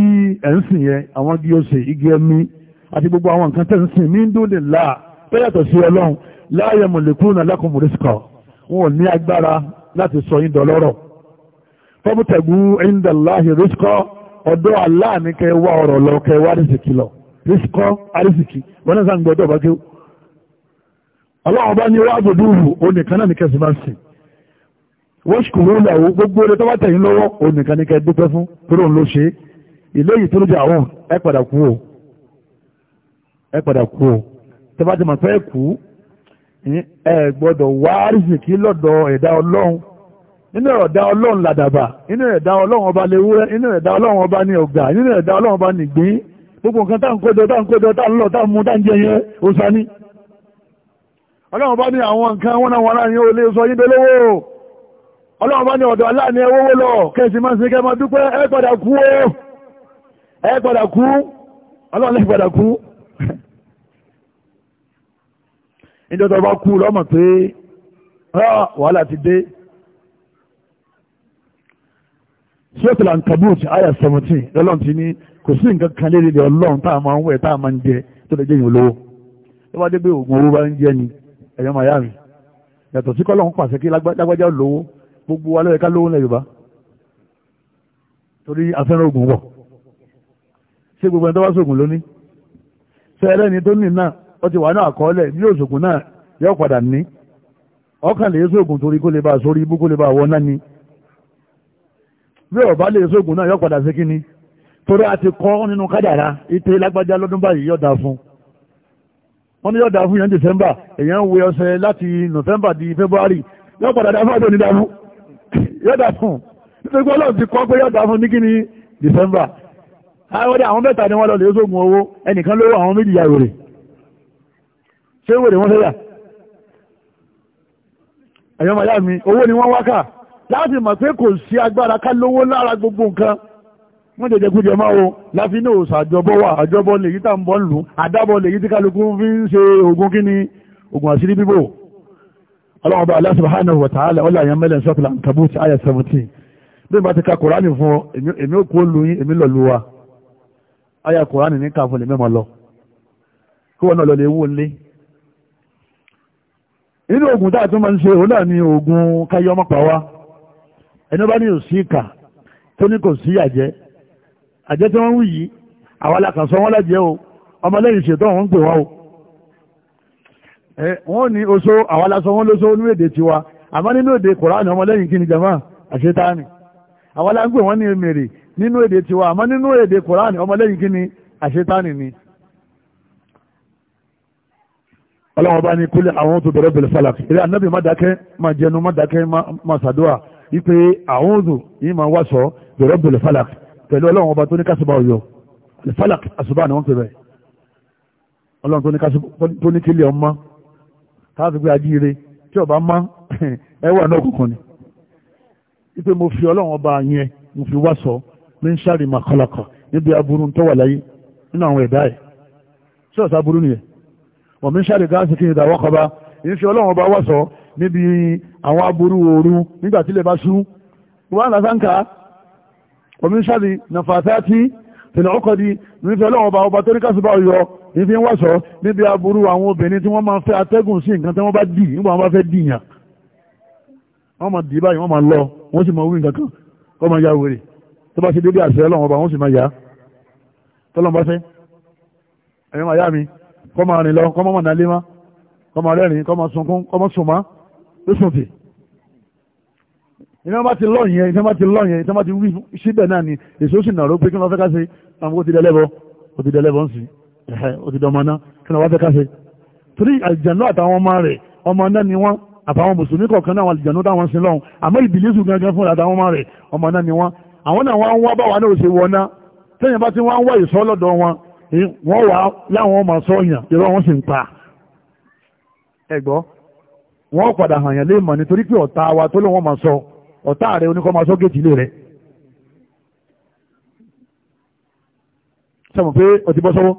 ẹ̀ ń sìn yẹn àwọn igi ọ̀sẹ̀ igi ẹ̀mí àti gbogbo àwọn nǹkan tẹ̀ ń sìn ní dóde là tó yàtọ̀ sí ọlọ́run láàyè mọ̀lẹ́kùn náà lákùn mọ̀lẹ́sìkà wọn ò ní agbára láti sọ yín dọlọ́rọ̀ fọ́bùtẹ̀gù ẹ̀ńdàláhì rìsíkọ́ ọ̀dọ́ aláàní kẹ wá ọ̀rọ̀ lọ kẹ wá rìsíkì lọ rìsíkọ́ àrísìkì wọn náà sàn gbọ́dọ̀ bá kéw ọlọ́run bá ní wàá gbòdúrù onìkan wọ́ṣùkù ló làwọ́ gbogbo eré tó bá tẹ̀yìn lọ́wọ́ onìkan ní kẹ́ dúpẹ́ fún torí òun ló ṣe é ilé yìí tó ló jẹ àwọn ẹ padà kú o ẹ padà kú o tó bá ti mọ̀ fẹ́ kú ẹ gbọ́dọ̀ wá rìsìkì lọ́dọ̀ ẹ̀dá ọlọ́run nínú ẹ̀dá ọlọ́run làdàbà nínú ẹ̀dá ọlọ́run ọba léwúrẹ́ nínú ẹ̀dá ọlọ́run ọba ní ọ̀gà nínú ẹ̀dá ọlọ́run ọba nìgbín gbogbo nǹkan tá ń kójọ tá ń kójọ tá ń lọ tá ń mú tá ń jẹ yẹn ó sani ọlọ́run ọba ní àwọn nǹkan wọn náà wọn náà yẹn ó sọ yín dolówó ọlọ́run bá ní ọ̀dọ̀ aláàní ẹwọ́wó lọ kẹsì máa ṣe kẹmọ dúpẹ́ ẹ́gbọ́dà kú ó ẹ́gbọ́dà kú ọlọ́run lẹ́gbọ́dà kú ìjọba bá kú lọ́mọ̀ pé ah, wàhálà ti dé sọ́tìlà nkàbúùt àyà 17 lọ́lọ́run ti ní kò sí nǹkan kan lérí ilẹ̀ ọlọ́run tá a máa ń wẹ̀ tá a máa ń jẹ tó lè jẹ́ ìyìn olówó tó bá dé pé owó bá ń jẹ́ ni ẹ̀yọ́ màyà mi yàtọ̀ sí kọ́lọ́run pàṣẹ kí lágbájá lówó gbogbo wa lọ́yẹ̀ká lówó ńlẹ̀ yorùbá torí afẹ́ràn oògùn wọ̀ ṣé gbogbo ẹni tó bá sóògùn lóní ṣe ẹlẹ́ni tó ní náà ó ti wà náà àkọọ́lẹ̀ bí òṣògùn náà yóò padà ní ọkàn lè sóògùn torí kó lè bá sórí ibú kó lè bá wọ náà ni bí ọba lè sóògùn náà yóò padà sí kíni torí àti kọ́ nínú kádàrá ite lágbájá lọ́dún báyìí yóò dáa fún wọ́n ní yóò dáa fún yẹn December èèyàn ń wé ọ̀sẹ̀ láti November di February yóò padà dáa fún àdó ní fún yọ́dà fún nítorí pé ọlọ́run ti kọ́ pé yọ́dà fún ní kíni December ah, àwọn àwọn mẹ́ta ni wọ́n lọ lè sógun owó ẹnìkan lówó àwọn méjì ya wèrè ṣé wèrè wọ́n fẹ́yà ẹ̀yọ́ màyá mi owó ni wọ́n wákà láti mọ̀ pé kò sí agbára ká lówó lára gbogbo nǹkan wọ́n jẹjẹ kú jẹ máa wo láfi ní òòsà àjọbọ́ wà àjọbọ́ lèyí tá ń bọ́ lù àdábọ̀ lèyí tí kálukú fi ń ṣe ògùn kíni ògùn àṣírí bíbò ọlọ́wọ́n bá Allah subhanahu wa ta'ala ọlọ́ àyàn mẹ́lẹ̀ sọ́kùlà Ankabut àyà 17 bí ìbá ti ka kùránì fún èmi òkú olú yín èmi lọ luwa àyà kùránì ní káfọ́ lè mẹ́mọ́ lọ kí wọ́n náà lọ lè wó lé nínú oògùn tá a tún máa ń ṣe òun náà ni oògùn káyọ́ ọmọpàá wa ẹni bá ní òsì ìkà tó ní kò sí àjẹ́ àjẹ́ tí wọ́n ń wù yìí àwọn alákàsọ wọn lájẹ́ o ọmọlẹ́yìn ṣètò àwọn ń pè wá o Eh, wọ́n ní oṣó àwọn aláṣọ wọn lóṣó nínú èdè tiwa àmọ́ nínú èdè kòránì ọmọlẹ́yìn kí ni jama àṣetáni àwọn alágbè wọn ní emèrè nínú èdè tiwa àmọ́ nínú èdè kòránì ọmọlẹ́yìn kí ni àṣetáni ni ọlọ́wọ́n bá ní kúlẹ̀ àwọn tó bẹ̀rẹ̀ bẹ̀rẹ̀ falak eré anábì má dákẹ́ má jẹnu má dákẹ́ má sàdúà ipe àwọn òzò yìí máa wá sọ bẹ̀rẹ̀ bẹ̀rẹ̀ falak pẹ̀lú ọlọ́wọ́n ọba tó ní falak àṣùbà ni wọ́n pè bẹ́ẹ̀ ọlọ́wọ́n tó ní táàbí pé ajíire tí ọba má ẹwà náà kọ̀ọ̀kan ni ipe mo fi ọlọ́run ọba yẹn mo fi wá sọ ní ń ṣàrì mà kọlọkọ níbi aburú tó wà láyé nínú àwọn ẹ̀dá ẹ̀ tí ọ̀sá aburú nìyẹn wọ́n mi ń ṣàrì gáàsì kí n ìdàwọ́ kọba ń fi ọlọ́run ọba wá sọ níbi àwọn aburú ooru nígbà tí ilẹ̀ bá ṣú wọ́n á lásán ká wọ́n mi ń ṣàrì nàfàtà tí tẹ̀lé ọkọ̀ di nífẹ̀ẹ́ lọ́wọ́ ọba ọba tó ní kásùbà yọ ń wàṣọ níbi aburú àwọn obìnrin tí wọ́n máa fẹ́ atẹ́gùn sí nǹkan tí wọ́n bá dì nígbà wọn bá fẹ́ dìyàn wọ́n máa dì báyìí wọ́n máa lọ wọ́n sì máa wí nǹkan kan kọ́ máa ya wèrè tó bá ṣe dédé àṣẹ lọ́wọ́ ọba wọ́n sì máa yá tọ́lọ́ bá fẹ́ ẹ̀yọ́ máa yá mi kọ́ máa rìn lọ kọ́ máa mọ̀ nálé má kọ́ máa rẹ́rìn kọ́ máa sunkún kọ́ máa sùn má lóṣùn tì iná bá ti lọ́yìn iná bá ti lọ́yìn iná bá ti wí síbẹ̀ náà ni èso sì nàró pé kí wọ́n fẹ́ ká ṣe àwọn òtí dẹlẹ́bọ òtí dẹlẹ́bọ ń sìn ẹ̀hẹ́ òtí dọmọná kí wọ́n fẹ́ ká ṣe. torí àlìjànú àtàwọn ọmọ rẹ̀ ọmọ náà ni wọ́n àtàwọn mùsùlùmí kọ̀ọ̀kan náà àwọn àlìjànú táwọn sin lọ́hùn àmọ́ ìbílísù gangan fún àtàwọn ọmọ rẹ̀ ọmọ náà ni wọ́n àwọn náà wọ́n wá báwa náà ṣe wọ́n náà tẹ́yìn bá ti wọ́n wá ìsọ́ lọ́dọ̀ wọn wọ́n wà láwọn ọmọ sọ́yàn irọ́ wọn sì ń pa ẹ̀gbọ́ wọ́n padà hàn yàn lé mọ̀ nítorí pé ọ̀tá wa tó lóun ọmọ ọ̀tá rẹ̀ oníkọ́ máa sọ́gẹ̀tì ilé rẹ̀ sẹ́mu pé ọtí bọ́ sọ́wọ́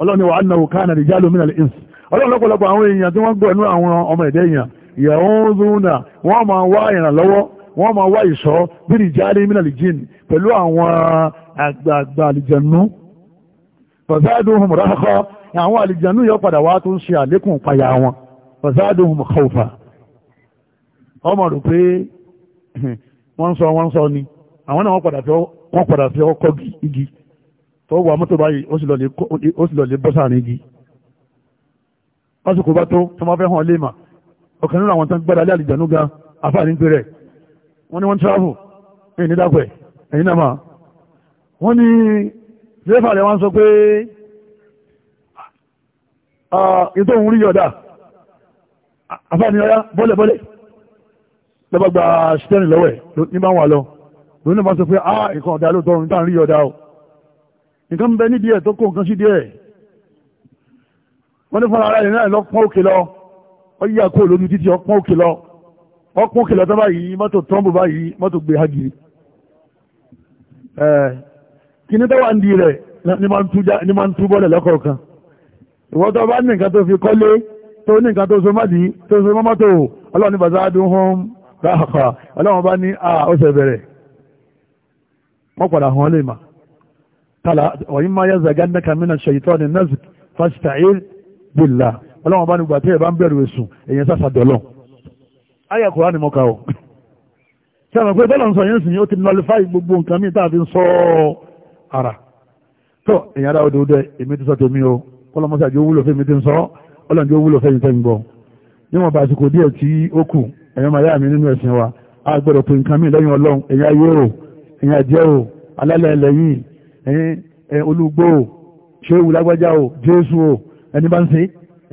ọlọ́run ni wà á nà wò káànà rijalun minal ins ọlọ́run lọ́pọ̀lọpọ̀ àwọn èèyàn tí wọ́n gbọ́ ẹnu àwọn ọmọ ẹ̀dẹ́ èèyàn ìyàwó ń zúnà wọ́n máa wá ìrànlọ́wọ́ wọ́n máa wá ìṣọ́ bí rijalun minal jinn pẹ̀lú àwọn àgbààgbà àlìjẹ̀nú àwọn àlìjẹ̀nú yọ padà wá tó ń ṣe àlékún ìpayà wọn ọmọ rò pé wọ́n ń sọ wọ́n ń sọ ni àwọn náà wọ́n padà fi wọ́n padà fi ọkọ̀ igi tó wà mọ́tò báyìí ó sì lọ lè bọ́ sáàrin igi lásìkò bá tó tó máa fẹ́ hàn lè mà ọ̀kan nínú àwọn tán gbára lé àlìjànú gan afáàní ń pè rẹ̀ wọ́n ní wọ́n travel ẹ̀yìn ní dàpẹ̀ ẹ̀yìn náà mà wọ́n ní dẹ́fà rẹ̀ wọ́n sọ pé ètò ah, òun rí yọ̀dà afáàní ọ̀yá bọ́lẹ̀ bọ́lẹ̀ lọ́ba gba ṣẹ́ni lọ́wọ́ ẹ̀ ní bá lọ lónìí bá sọ pé ah nǹkan ọ̀dà ló tọrùn níta ń rí ọ̀dà o nǹkan bẹ ní díẹ̀ tó kó nǹkan sí díẹ̀ wọ́n ní fúnra ara rẹ̀ náà lọ pọ́n òkè lọ ọ yíyá kó lójú títí ọ pọ́n òkè lọ ọ pọ́n òkè lọ tó báyìí mọ́tò tọ́ǹbù báyìí mọ́tò gbé hagiri ẹ̀ kíní tó wà ń di rẹ̀ ní máa ń tú bọ́lẹ̀ lọ́kọ̀ọ̀kan ìwọ́n pàápàá ọlọ́run bá ní a ah, ó ṣe bẹ̀rẹ̀ wọ́n padà hàn lè mà tààlà ọ̀yìn máa yẹ zàgá ní kàmínà ṣèyítọ́ ní nọ́ọ̀sì fásitì ayé bìlà ọlọ́run bá ní gbàtí ẹ̀ bá ń bẹ̀rù èsùn èyàn sàṣà dọ̀lọ́ ayé kura ni mo kà ó ṣe àmọ̀ pé bọ́lá ń sọ yẹn sìn yóò ti nọlifá gbogbo nǹkan mi táà fi ń sọ ara tó èyàn dá odò dẹ èmi ti sọ tèmi o kọ́lọ́mọ́sá jẹ́ owúlò fẹ́mi ti ń sọ ọlọ́run ẹ̀yọ́ máa yá mi nínú ẹ̀sìn wa a gbọ́dọ̀ pé nǹkan mi lẹ́yìn ọlọ́run ẹ̀yà yóò ẹ̀yà jẹ́ o alálẹ̀ ẹlẹ́yìn ẹ̀yìn olùgbò o ṣé ewu lágbájá o jésù o ẹni bá ń ṣe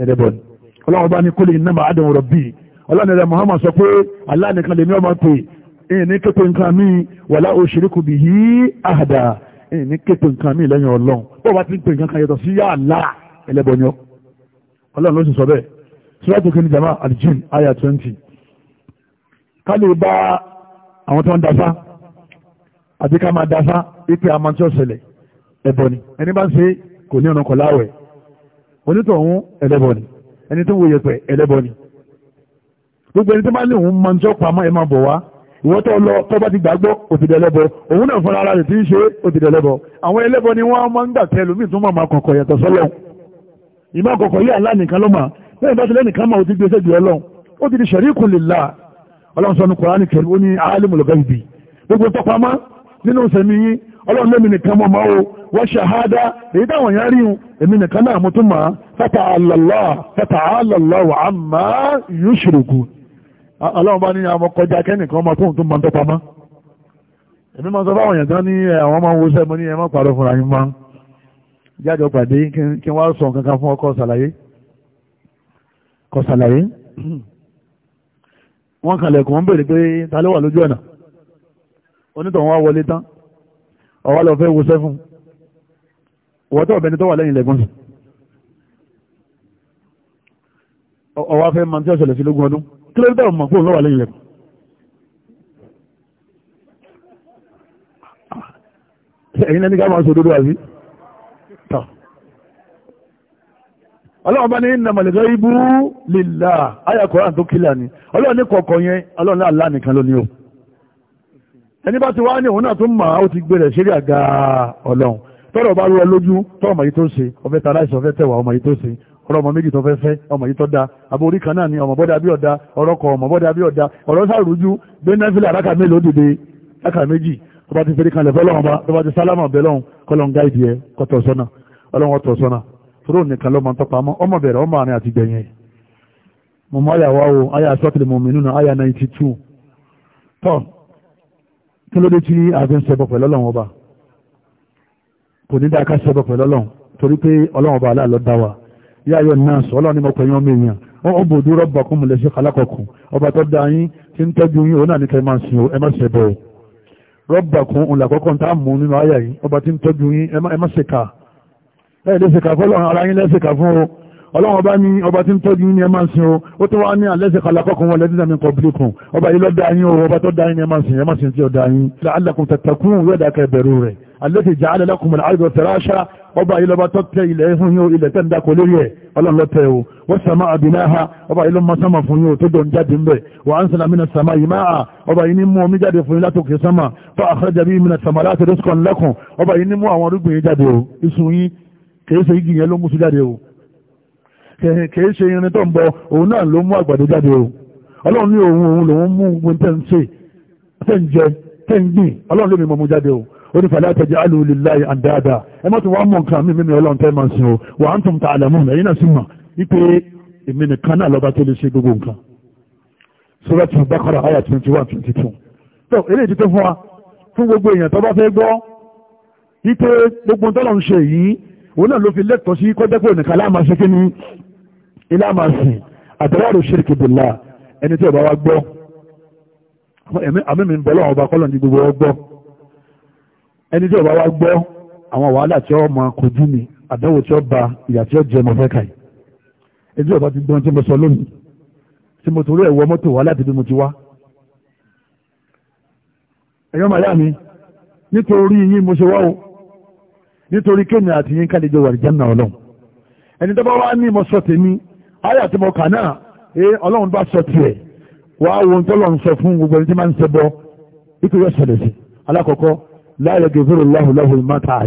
ẹ̀dẹ̀bọ̀ ni ọlọ́run bá ní kólé iná máa dùn bíi ọlọ́run ẹ̀rẹ̀ Muhammad sọ pé aláàníkan lèmi ọmọ pé ẹ̀yìn ní képe nǹkan mi wàlá òṣèlékù bì yí àdá ẹ̀yìn ní képe nǹkan mi lẹ́yìn ọlọ́run bó bá ti ń ni ọlọ́run ló sì sọ tó kí ni jama aljin aya twenty ká lè bá àwọn tó ń dasá àti ká máa dasá wípé a máa ń tí ó ṣẹlẹ̀ ẹbọ ni ẹni bá ń ṣe kò ní ọ̀nà kọ̀láwẹ̀ onítọ̀hún ẹlẹ́bọ ni ẹni tó ń wo yẹpẹ̀ ẹlẹ́bọ ni gbogbo ẹni tó bá ní òun máa ń tí ó pamọ́ ẹ máa bọ̀ wá ìwọ́tọ̀ lọ tó bá ti gbàgbọ́ òtìdẹ̀lẹ́bọ òun náà fúnra ara rẹ̀ tí ń ṣe òtìdẹ̀lẹ́bọ àwọn ẹlẹ́bọ ni wọ́n máa ń gbà tẹ́lùmí tó máa kọ̀kọ̀ yàtọ̀ sọ́lọ́ ìmọ̀ kọ̀kọ̀ yìí àlá nìkan ló mà bẹ́ẹ̀ bá ti lẹ́nìkan mà ó ti gbé ṣẹ́jú ọlọ́run ó ti di ṣẹ̀ríkù lillah ọlọ́run sọ ní kùránì kẹrì ó ní alimul ghaibi gbogbo tọpamọ nínú ìsẹ̀mí yín ọlọ́run lẹ́mi nìkan mọ̀ máa o wọ́n ṣàhádá èyí táwọn yẹn ríhun èmi nìkan náà mo tún máa fata'ala Allah fata'ala Allah wa amma yushriku ọlọ́run bá ní àwọn kọjá kẹ́nìkan ọmọ tóun tó máa ń tọpamọ́ èmi máa sọ fáwọn èèyàn tán ní àwọn wọ́n kànlẹ̀kùn wọ́n bèèrè pé ta ló wà lójú ọ̀nà onítọ̀hún wá wọlé tán ọwọ́ lọ fẹ́ wo sẹ́fún ọwọ́ tó ọ̀bẹni tó wà lẹ́yìn lẹ́gbọ́n ọwọ́ fẹ́ máa tí ó ṣẹlẹ̀ sí lógún ọdún kí ló dẹ̀ mọ̀ fóun lọ́wọ́ lẹ́yìn lẹ́gbọ́n ẹ̀yin lẹ́ni ká máa sọ òdodo àbí ọlọ́run bá ní innamal ghaibu lillah àyà Kùránì tó kílà ni ọlọ́run ní kọ̀ọ̀kọ̀ yẹn ọlọ́run náà lá nìkan lónìí o ẹni bá ti wá ní òun náà tó mà ó ti gbẹ̀rẹ̀ ṣeré àga ọlọ́run tọ́rọ̀ bá rú ọ lójú tọ́rọ̀ mọ̀ yìí tó ṣe ọfẹ́ tàláìsì ọfẹ́ tẹ̀wà ọmọ yìí tó ṣe ọ̀rọ̀ ọmọ méjì tó fẹ́ fẹ́ ọmọ yìí tó da àbò orí kan náà ni ọmọ bọ́dà bí ọ̀dà ọ̀rọ̀ kọ sọ́nà tóró nìkan lọ́mọ tó pamọ́ ọmọ bẹ̀rẹ̀ ọmọ àárín àti gbẹ̀yìn mo mọ àyà wa o àyà sọ́kìlì mọ̀mí nínú àyà ninety two tọ́ kí ló dé tí a fi ń ṣẹbọ pẹ̀lú ọlọ́run ọba kò ní dáa ká ṣẹbọ pẹ̀lú ọlọ́run torí pé ọlọ́run ọba aláàlọ́ dá wa yá ayọ̀ náà sọ ọlọ́run ní mo pẹ̀yìn ọmọ èèyàn wọ́n bò dúró bọ̀ kún mọ̀lẹ́sí alákọ̀ọ̀kùn ọba tó da yín tí ń tọ́jú yín òun náà ní kẹ́ máa sìn ẹ má ṣẹbọ rọ́bà kún òun làkọ́kọ́ ń tá mú nínú àyà yìí ọba tí ń tọ́jú yín ẹ má ṣèkà bẹ́ẹ̀ lè ṣèkà fún ọlọ́run ara yín lẹ́ṣèkà fún o ọlọ́run ọba ní ọba tí ń tọ́jú yín ni ẹ máa ń sin o ó tún wá ní alẹ́ṣẹ̀ kalakọ́kùn wọn lẹ́dínlẹ́ mi kọ̀bílìkùn ọba yìí lọ́dá yín o ọba tó dá yín ni ẹ máa ń sin ẹ máa yín alákùn tàtàkùn yóò dá ká ẹbẹ̀rù rẹ̀ alẹ́ṣẹ̀ jà alẹ́lẹ́kùn ọba yìí lọ́ba mú omi jáde fún yín látòkè sánmà tó àkàrà jàbí mìíràn sàmà láti rẹ́sùkọ̀ ńlẹ́kùn ọba yìí ní mú àwọn arúgbìn yìí jáde o iṣu kìí ṣe igi yẹn ló mú sí jáde o kìí ṣe irin tó ń bọ òun náà ló mú àgbàdo jáde o ọlọ́run ní òun òun lòun mú ohun tẹ́ ń ṣe tẹ́ ń jẹ tẹ́ ń gbìn ọlọ́run ló mi mọ̀ mú jáde o ó ní fàlẹ́ àtẹ̀jẹ́ alùlùláyé àndáadáa ẹ mọ́ tí wọ́n mọ̀ nǹkan mi ọlọ́run tẹ́ máa sin o wà á ń tún ta àlẹ́mú ẹ̀yin náà sì mọ̀ wípé èmi nìkan náà lọ́ba tó lè ṣe gbogbo nǹkan Surat Al-Baqara àyà twenty one twenty two tó eléyìí ti fún wa fún gbogbo èèyàn tó bá fẹ́ gbọ́ wípé gbogbo tọ́lọ̀ ń ṣe yìí òun náà ló fi lẹ́tọ̀ọ́ sí kọjá pé ònìkan láàmà ṣe kí ni ilé àmà sìn àtẹ̀wárò ṣèkì bìlà ẹni tí ọba wa gbọ́ àmì mi ń bọ́ lọ́wọ́ ọba kọ́lọ̀ ní gbogbo ọgbọ́ ẹni tí ọba wa gbọ́ àwọn wàhálà tí ó máa kojú ni àdánwò tí ó ba ìyà tí ó jẹ mọ́ fẹ́ kàì ẹni tí ọba ti gbọ́n tí mo sọ lónìí tí mo torí ẹ̀wọ́ mọ́tò wá láti mo ti wá ẹ̀yọ́ màyá mi nítorí yín mo ṣe wá o nítorí kémi àti yín kálí jọ wà jẹ́nà ọlọ́run ẹni tó bá wá ní mo sọ tèmi ayé àti mo náà ẹ bá sọ wàá wo ohun tó lọ́n sọ fún gbogbo ẹni tí máa ń ṣe bọ́ ikú yóò ṣẹlẹ̀ sí láàyè má ta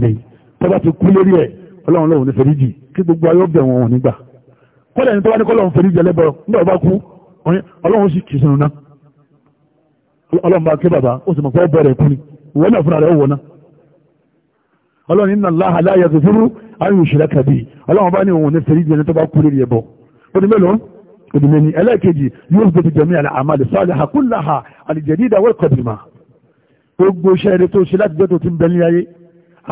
tó bá ti kú lórí ẹ̀ ọlọ́run lọ́hùn ní fèrèjì kí gbogbo ayé wọn nígbà ọlọ́run inna Allaha la yaghfiru an yushraka bihi ọlọ́run bá ní òun ní fèrè jẹ́ ní tó bá kú lórí ẹbọ ó di mélòó ó di mẹ́ni ẹlẹ́ẹ̀kejì yóò gbé jami'a al-a'mal as-salihah kullaha al-jadida wal-qadima gbogbo iṣẹ́ rẹ tó ṣe láti gbé tó ti ń bẹ ní ayé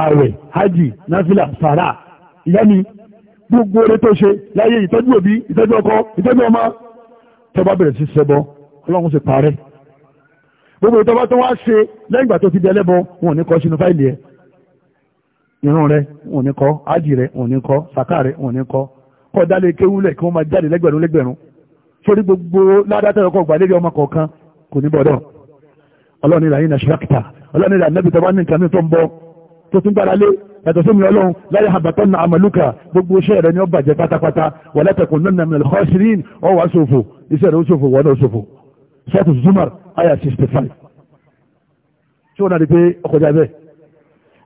ààwẹ̀ hajj náfìlà sàrà ìyáni gbogbo rẹ tó ṣe láyé ìtọ́jú òbí ìtọ́jú ọkọ ìtọ́jú ọmọ tó bá bẹ̀rẹ̀ sí ṣẹbọ ọlọ́run sì parẹ́ gbogbo ìtọ́ba tó wá ṣe lẹ́yìn ìgbà tó ti di ẹlẹ́bọ wọn ò ní kọ́ sínú fáìlì ẹ̀ irun rẹ òun ní kọ́ ájì rẹ òun ní kọ́ sàká rẹ òun ní kọ́ kọ́ dálé kéwúlẹ̀ kí wọ́n máa jáde lẹ́gbẹ̀rún lẹ́gbẹ̀rún sórí gbogbo ládàtà ọkọ̀ gbàlẹ́rì ọmọ kọ̀ọ̀kan kò ní bọ̀dọ̀ ọlọ́run ìlànà iná ṣíráàkìtà ọlọ́run ìlànà ibi tọ́wọ́ ní nǹkan tó ń bọ̀ tó tún gbára lé yàtọ̀ sí mi ọlọ́run láyé àbàtọ́ na àmàlùkà gbogbo iṣẹ́ rẹ ni ó bàjẹ́ pátápátá wà látẹ̀kùn lónà mi lọ́kọ́ sírín ọ wà ṣòfò iṣẹ́ rẹ ó ṣòfò wọ́n náà ṣòfò sọ́tù zumar aya sixty five tí wọ́n náà rí pé ọkọjá bẹ́ẹ̀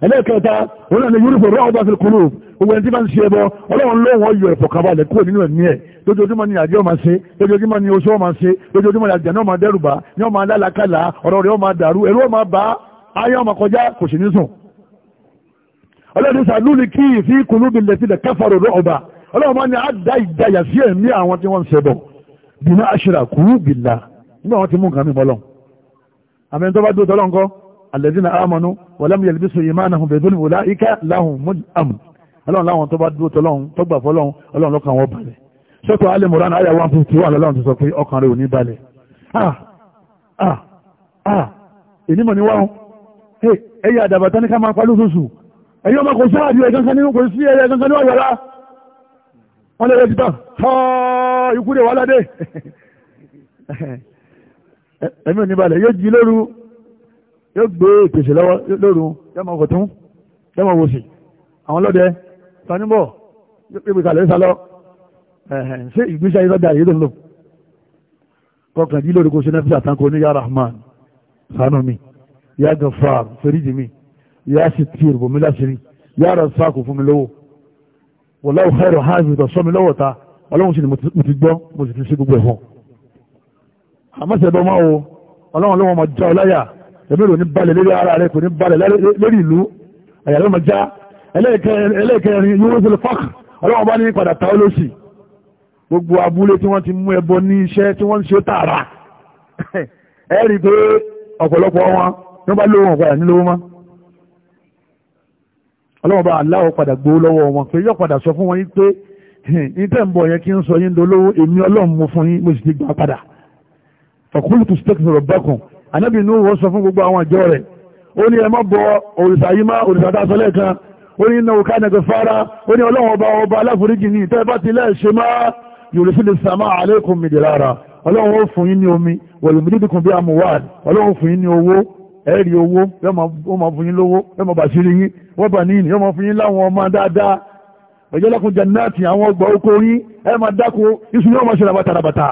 ẹlẹ́ẹ̀kẹta wọn náà ní yúrùpù rọ́ọ̀ bá fi kúrò gbogbo ẹni tí máa ń ṣe ẹbọ ọlọ́run lóhùn ọyọ ìfọ̀kàbalẹ̀ kúrò nínú ẹ̀mí ẹ̀ lójoojúmọ́ ni àjẹ́ ọmọ ṣe lójoojúmọ́ ni oṣù ọmọ ṣe lójoojúmọ́ ni àjẹ́ náà máa dẹ́rùbà ní ọmọ alálàkàlà ọ̀rọ̀ rẹ̀ ọmọ dàrú ẹ̀rú ọmọ bá ayé ọmọ kọjá kò sì ní sùn. ọlọ́run sàlú ni kí ìfi kùnú bi lẹ́sí lẹ́ káfàrọ̀ rọ́ọ̀bà ọlọ́run máa ní àdá ìdáyà sí ẹ̀mí àwọn tí wọ́n ń ṣẹbọ bìnnà àṣírà kúrú bìlà nígbà wọn ti mú alladhina amanu wa lam yalbisu imanahum bi dhulmin ulaika lahumul amn ọlọ́run láwọn tó bá dúró tọ́lọ́run tó gbà fọ́lọ́run ọlọ́run lọ́kàn wọn balẹ̀ sọ́tọ̀ alẹ́ mọ̀rán àyà 151 lọ́lọ́run ti sọ pé ọkàn rẹ̀ ò ní balẹ̀ ah ah ah ènìmọ̀ ni wáhùn ẹ̀yà àdàbàtà ní ká máa palú sùsù ẹ̀yọ́ ọmọ kò sáà bí ẹ̀gán kan nínú kò sí ẹ̀yà ẹ̀gán kan ní ọ̀yọ́lá wọ́n lè rẹ̀ títà tọ́ ikú rẹ̀ wà ládé ẹ̀mí ò ní balẹ̀ yóò jí lóru yóò gbé ìpèsè lọ́wọ́ lóru yọmọ ọ̀tún yọmọ òsì àwọn ọlọ́dẹ sanibọ̀ yóò kalẹ̀ ń salọ ṣé ìgbésẹ̀ ayé lọ́dẹ àyèdè lò kọkàn jí lórí kò ṣe nẹ́fíṣà tán kò ní ya rahman sanu mi ya gafar feriji mi ya sitir bomi lasiri ya rasaku fún mi lówó wọláwù khairu hafi tó sọ mi lọ́wọ́ ta ọlọ́run sì ni mo ti gbọ́ mo sì ti ṣe gbogbo ẹ̀fọn àmọ́ sẹ́dọ̀ máa wo ọlọ́run lọ́wọ́ ẹ̀mí rò ní balẹ̀ lórí ara rẹ̀ kò ní balẹ̀ lórí ìlú àyà ló ma já ẹlẹ́ẹ̀kẹrin yóò ṣe lè fák ọlọ́wọ́ bá ní padà ta ó lọ́sì gbogbo abúlé tí wọ́n ti mú ẹbọ ní iṣẹ́ tí wọ́n ń ṣe tààrà ẹ rí i pé ọ̀pọ̀lọpọ̀ wọn ní wọ́n bá lówó wọn padà nílówó mọ́ ọlọ́wọ́ bá aláwọ̀ padà gbó lọ́wọ́ wọn pé yóò padà sọ fún wọn yín pé ìtẹ̀ ń bọ̀ yẹn kí ń sọ yín dolówó èmi ọlọ́run mo fún yín mo sì ti gbà padà fàkúlù tó ṣe tẹ́kìtì rọ̀ bákan anábì inú wọ́n sọ fún gbogbo àwọn àjọ rẹ̀ ó ní ẹ má bọ òrìṣà yìí má òrìṣà tá a sọ lẹ́ẹ̀kan ó ní iná òkà nàgẹ̀ fara ó ní ọlọ́run ọba ọba aláforíjì ní ìtẹ́ bá ti lẹ́ẹ̀ṣe má yorùsí lè sàmà àlékún mi dìlára ọlọ́run ó fún yín ní omi wọ̀lùmídìdìkùn bí amúwàd ọlọ́run fún yín ní owó ẹ̀rí owó yóò máa fún yín lówó yóò máa bàṣírí yín wọ́n bà níyìn yóò máa fún yín láwọn ọmọ dáadáa ọjọ́ lọ́kùn jannati àwọn ọgbà oko yín ẹ máa dáko iṣu yóò máa ṣe rabata rabata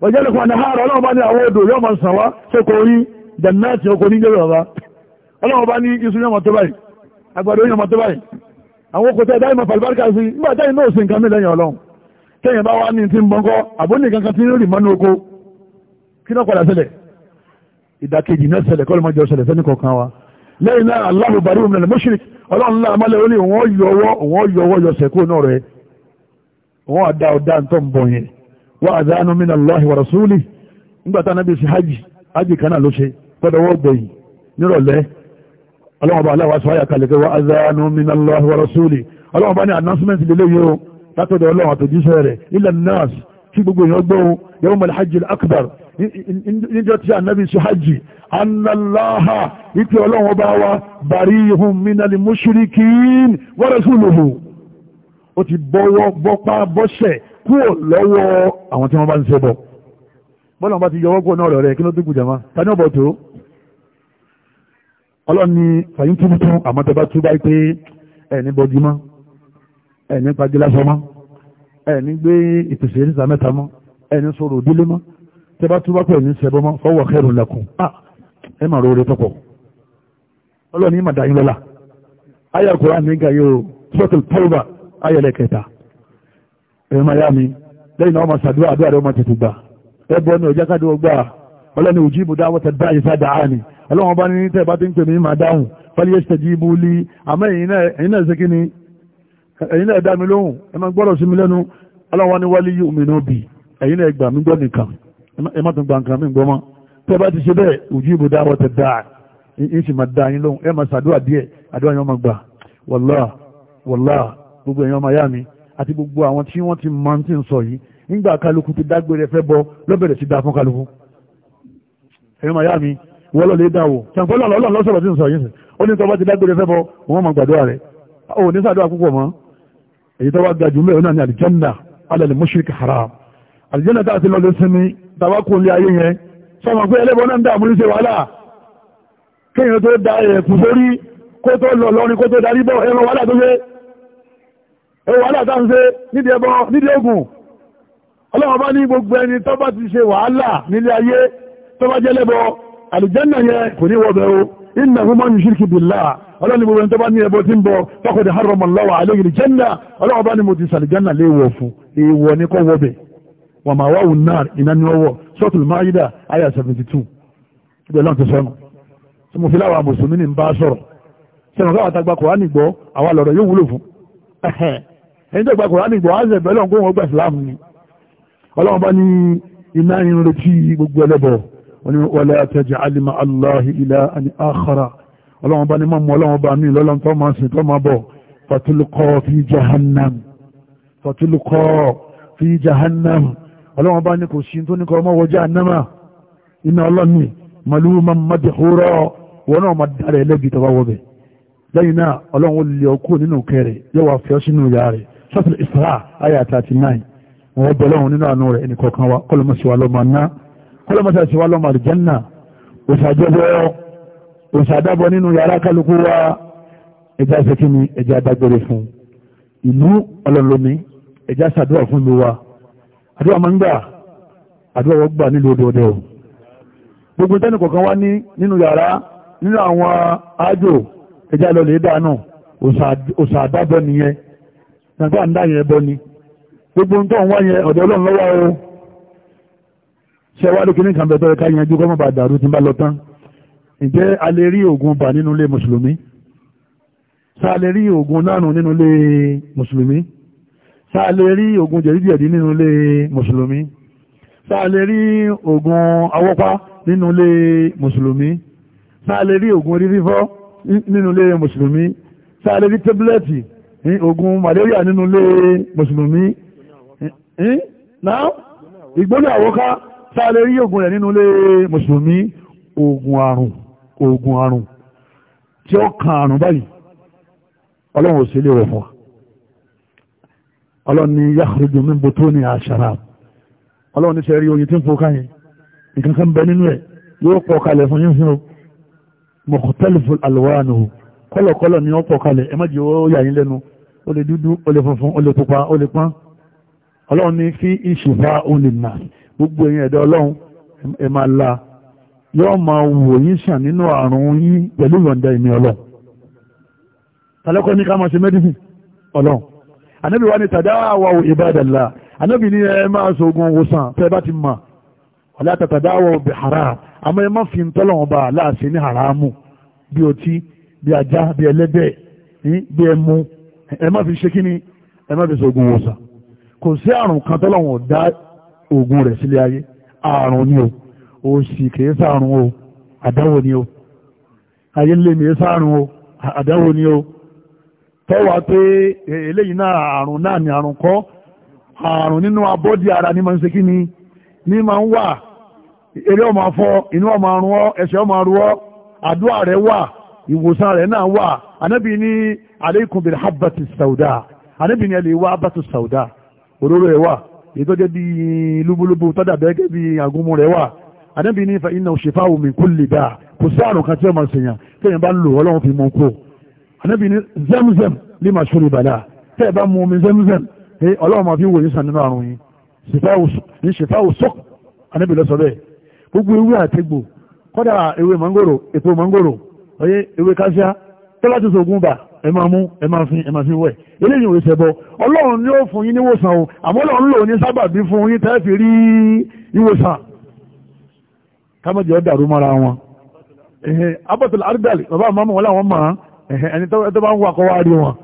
wọ̀jẹ́lẹ̀kùn àdáhàrọ̀ ọlọ́ọ̀bá ní àwọn odò yọ́ ma ń sànwá sókò orí jẹ̀nàtì oko ní jẹ́rẹ̀ ọ̀bá ọlọ́ọ̀bá ní iṣu yọ́ ma tó báyìí agbàdo yọ́ ma tó báyìí àwọn okòtò ẹ̀dá ìmọ̀ pàlùbáríkà sí nígbà táyì náà sì nǹkan mẹ́lẹ́yìn ọlọ́run kẹ́yìn bá wá ní ti ń bọ́ńkọ́ àbónì kankan tí wa lẹ́yìn náà Allahu bari omi lẹ́nu mọ́ṣírí ọlọ́run náà amálẹ̀ ó ní òun yọwọ́ òun yọwọ́ yọsẹ̀ kó náà rẹ̀ òun àdá ọ̀dá ń tọ́ ń bọ̀ yẹn wa azanu min allahi wa rasuli ngbàtà nábi sí hajj hajj kanáà ló ṣe gbọ́dọ̀wọ́ gbẹ̀yìn nírọ̀lẹ́ ọlọ́wọ́ba aláwọ̀ sọ ayà kalẹ̀ pé wa azanu min allahi wa rasuli ọlọ́wọ́ba ní announcement lélé yóò látọ̀dọ̀ ọlọ́wọ́ àtòjíṣẹ́ rẹ̀ ilẹ̀ nas kúrò lọ́wọ́ àwọn tí wọ́n bá ń ṣe bọ̀ bọ́lá bá ti yọwọ́ kúrò náà rẹ̀ kí ló dínkù jàmá ta ní ọ̀bọ̀ tó ọlọ́run ni fàyín túbú tún àmọ́ tẹ bá tú báyìí pé ẹ̀ní bọ́jú mọ́ ẹ̀ní pagi lásán mọ́ ẹ̀ní gbé ìpèsè níta mẹ́ta mọ́ ẹ̀ní sọ̀rọ̀ òdílé mọ́ tẹ bá tú bá pẹ̀lú ẹ̀rọ miami lẹ́yìn náà ọmọ sàdúrà àdúrà rẹ̀ ọmọ tètè gbà ẹbọ ní ọjà káàdì ọgbà ọlọ́ni òjì ibùdó àwọn tẹ̀ dá ìfẹ́ dà á ni ọlọ́wọ́n bá ní tẹ́ bá ti ń pè mí máa dáhùn fẹ́lẹ́ yẹ́ ṣẹ̀jì ibú lí àmọ́ ẹ̀yin náà ṣe kí ni ẹ̀yin náà dá mi lóhùn ẹ máa gbọ́dọ̀ sí mi lẹ́nu ọlọ́wọ́n ni wálé yóò mi náà bì ẹ̀yin náà gbà mí gbọ́ nìkan ẹ má tún gba nǹkan mi gbọ́ mọ́ tẹ́ bá ti ṣe bẹ́ẹ̀ òjì ibùdó àwọn tẹ̀ dá ń sì máa dá yín lóhùn ẹ máa ṣàdúrà díẹ̀ àdúrà yẹn máa gbà wàlá wàlá gbogbo ẹ̀yin ọmọ ayá mi àti gbogbo àwọn tí wọ́n ti máa ti ń sọ yìí nígbà kálukú ti dágbére fẹ́ bọ lọ́bẹ̀rẹ̀ sí dá fún kálukú ẹ̀rọ màyá mi wọ́n lọ́lẹ̀ dá wò ṣàǹkọ́ lọ́lọ́ lọ́sọ̀rọ̀ tí ń sọ yìí sẹ́ ó ni àlìjánná alẹ́ mushrik haram àlìjánná tá a ti lọ́lẹ̀ sinmi tàbá kún ilé ayé yẹn sọmọ pé ẹlẹ́bọ náà ń dá àmúlí ṣe wàhálà kéèyàn tó da ẹ̀kú sórí kó tó lọ lọrin ẹwọ aláàtàṣe nídìí ẹbọ nídìí ogun ọlọ́wọ́ bá ní gbogbo ẹni tó bá ti ṣe wàhálà nílé ayé tó bá jẹ́lẹ́bọ àlùjànnà yẹn kò ní wọ́bẹ̀ o inna hu man yushriku billah ọlọ́ni gbogbo ẹni tó bá ní ẹbọ tí ń bọ faqad harrama Allahu alayhi al-jannah ọlọ́wọ́ bá ní 72 ibẹ̀ lọ́n ti sọ́nù tí mo fi láwà mùsùlùmí ní ń bá ẹni tó gba kòránì gbọ́ ánṣẹ́ bẹ́ẹ̀ lọ́n kó wọn gba ìsìlámù ni ọlọ́run bá ní iná irun retí gbogbo ẹlẹ́bọ̀ wọn ni wọlé àtẹ̀jẹ̀ alima aláhi ilá àni àkàrà ọlọ́run bá ní mọ́ ọlọ́run bá ní lọ́lọ́n tó máa sìn tó máa bọ̀ fatulukọ́ fi jahannam fatulukọ́ fi jahannam ọlọ́run bá ní kò sí tó ní kọ́ ọmọ wọjá annama iná ọlọ́ni malúmọ́ madìhúrọ́ wọn náà máa dára ẹlẹ́bi tó bá wọ lẹ́yìn náà ọlọ́run ó lè ọkú nínú kẹrẹ̀ yóò wá fi sínú ìyá rẹ̀ sọ́tìlì ìsra àyà thirty nine wọ́n bẹ̀ lọ́wọ́ nínú àánú rẹ̀ ẹnìkọ̀ọ̀kan wa kọ́lọ́mọ̀síwá lọ́mọ ná kọ́lọ́mọ̀síwá lọ́mọ àlùjànnà òṣàjọ́bọ̀ òṣàdábọ̀ nínú yàrá kálukú wa ẹja ṣèkí ni ẹja dágbére fún ìlú ọlọ́lọ́mi ẹja ṣàdúrà fún ìlú wa àdúrà máa ń gbà àdúrà wọ́n gbà nílùú òdòdó gbogbo tẹ́nì kọ̀ọ̀kan wá ní nínú yàrá nínú àwọn àjò ẹja lọ dànù òṣàdábọ̀ nìyẹn nàgbà ń dá yẹn bọ́ ni gbogbo nǹkan wá yẹn ọ̀dọ̀ ọlọ́run lọ́wọ́ o ṣe wá lókè ní kan bẹ̀rẹ̀ bẹ̀rẹ̀ ká yanjú kọ́ mọ́ bá dàrú tí ń bá lọ tán ǹjẹ́ a lè rí oògùn bà nínú ilé mùsùlùmí ṣá a lè rí oògùn nánù nínú ilé mùsùlùmí ṣá a lè rí oògùn nínú ilé mùsùlùmí ṣá a awọ́pá nínú ilé mùsùlùmí ṣá a lè nínú ilé mùsùlùmí ṣá a ogun malaria nínú ilé mùsùlùmí náà ìgbóná àwọ́ká sáré rí ogun rẹ̀ nínú ilé mùsùlùmí ogun àrùn tí ó kan àrùn báyìí ọlọ́run ò sí ilé wọ̀ fún wa ọlọ́run ni yakhruju butuni asharab ọlọ́run ní sẹ́rí oyin tí ń fò káyìn nǹkan kan bẹ nínú ẹ̀ yóò pọ̀ kalẹ̀ fún yín fún o mukhtaliful alwanu kọ́lọ̀kọ́lọ̀ ni wọ́n pọ̀ kalẹ̀ ẹ má jẹ́ ó yà yín lẹ́nu ó lè dúdú ó lè funfun ó lè pupa ó lè pọ́n ọlọ́run ní fi ìṣùfà òun lè nà gbogbo ẹ̀yin ẹ̀dá ọlọ́run ẹ máa la yóò máa wò yín sàn nínú àrùn yín pẹ̀lú ìyọ̀ǹda ìmí ọlọ́run tàlẹ́kọ́ ní ká máa ṣe mẹ́dísìn ọlọ́run anábì wa ni tàdá àwọ̀ ìbádàlá anábì ní ẹ máa ṣoògùn òwòsàn tẹ́ bá ti mọ̀ ọ̀lá àwọ̀ bí haram àmọ́ ẹ má fi ń tọ́lọ̀wọ̀n bá láàṣẹ ní haramu bí ọtí bí ajá bí ẹlẹ́dẹ̀ bí ẹmu ẹ má fi ṣe kí ni ẹ má fi ṣe oògùn wòsàn kò sí àrùn kan tọ́lọ́wọ̀n dá oògùn rẹ̀ sílé ayé àrùn ni o òsì kìí sàrùn o àdáwò ni o ayé ń lè mìí sàrùn o àdáwò ni o tọ́wà pé e, eléyìí náà àrùn náà ni àrùn kọ́ àrùn nínú abọ́dí ara n'i máa ń ṣe kí ni ní máa ń wà eré ọmọ afọ inú ọmọ arun ọ ma ọmọ arun ọ àdúrà rẹ wà ìwòsàn rẹ náà wà anábì ní aleikum bil habati sauda anábì ní ẹ lè wá habatu sauda òróró ẹ̀ wà èyí tó jẹ́ bíi lúbúlúbú tó dàbẹ́ gẹ́ bíi àgúnmu rẹ̀ wà anábì ní fa iná òṣèfà min kulli da kò sí àrùn kan tí ó máa ṣèyàn téèyàn bá ń lò ọlọ́run fi mú kó anábì ní zemzem lè máa ṣòro ìbàdà tẹ́ ẹ bá mu omi zemzem pé ọlọ́run máa fi wò yín sàn nínú àrùn yín ní ṣèfà òṣòk anábì lọ sọ bẹ́ẹ̀ gbogbo ewé àtegbò kọ́dà ewé mangoro èpo mangoro oyè ewé káṣíá tọ́lá ti sògùn bà ẹ máa mú ẹ máa fi ẹ máa fi wẹ̀ eléyìí òwe ṣẹbọ ọlọ́run ni ó fún yín níwòsàn o àmọ́ ọlọ́run lò ní sábàbí fún yín tẹ́ fi rí ìwòsàn kámẹ́jì ọ̀dà rú mọ́ra wọn abọ́tòlá àrídàlì bàbá àmọ́ wọn làwọn mọ̀ ẹni tó bá ń wakọ̀ wá rí wọn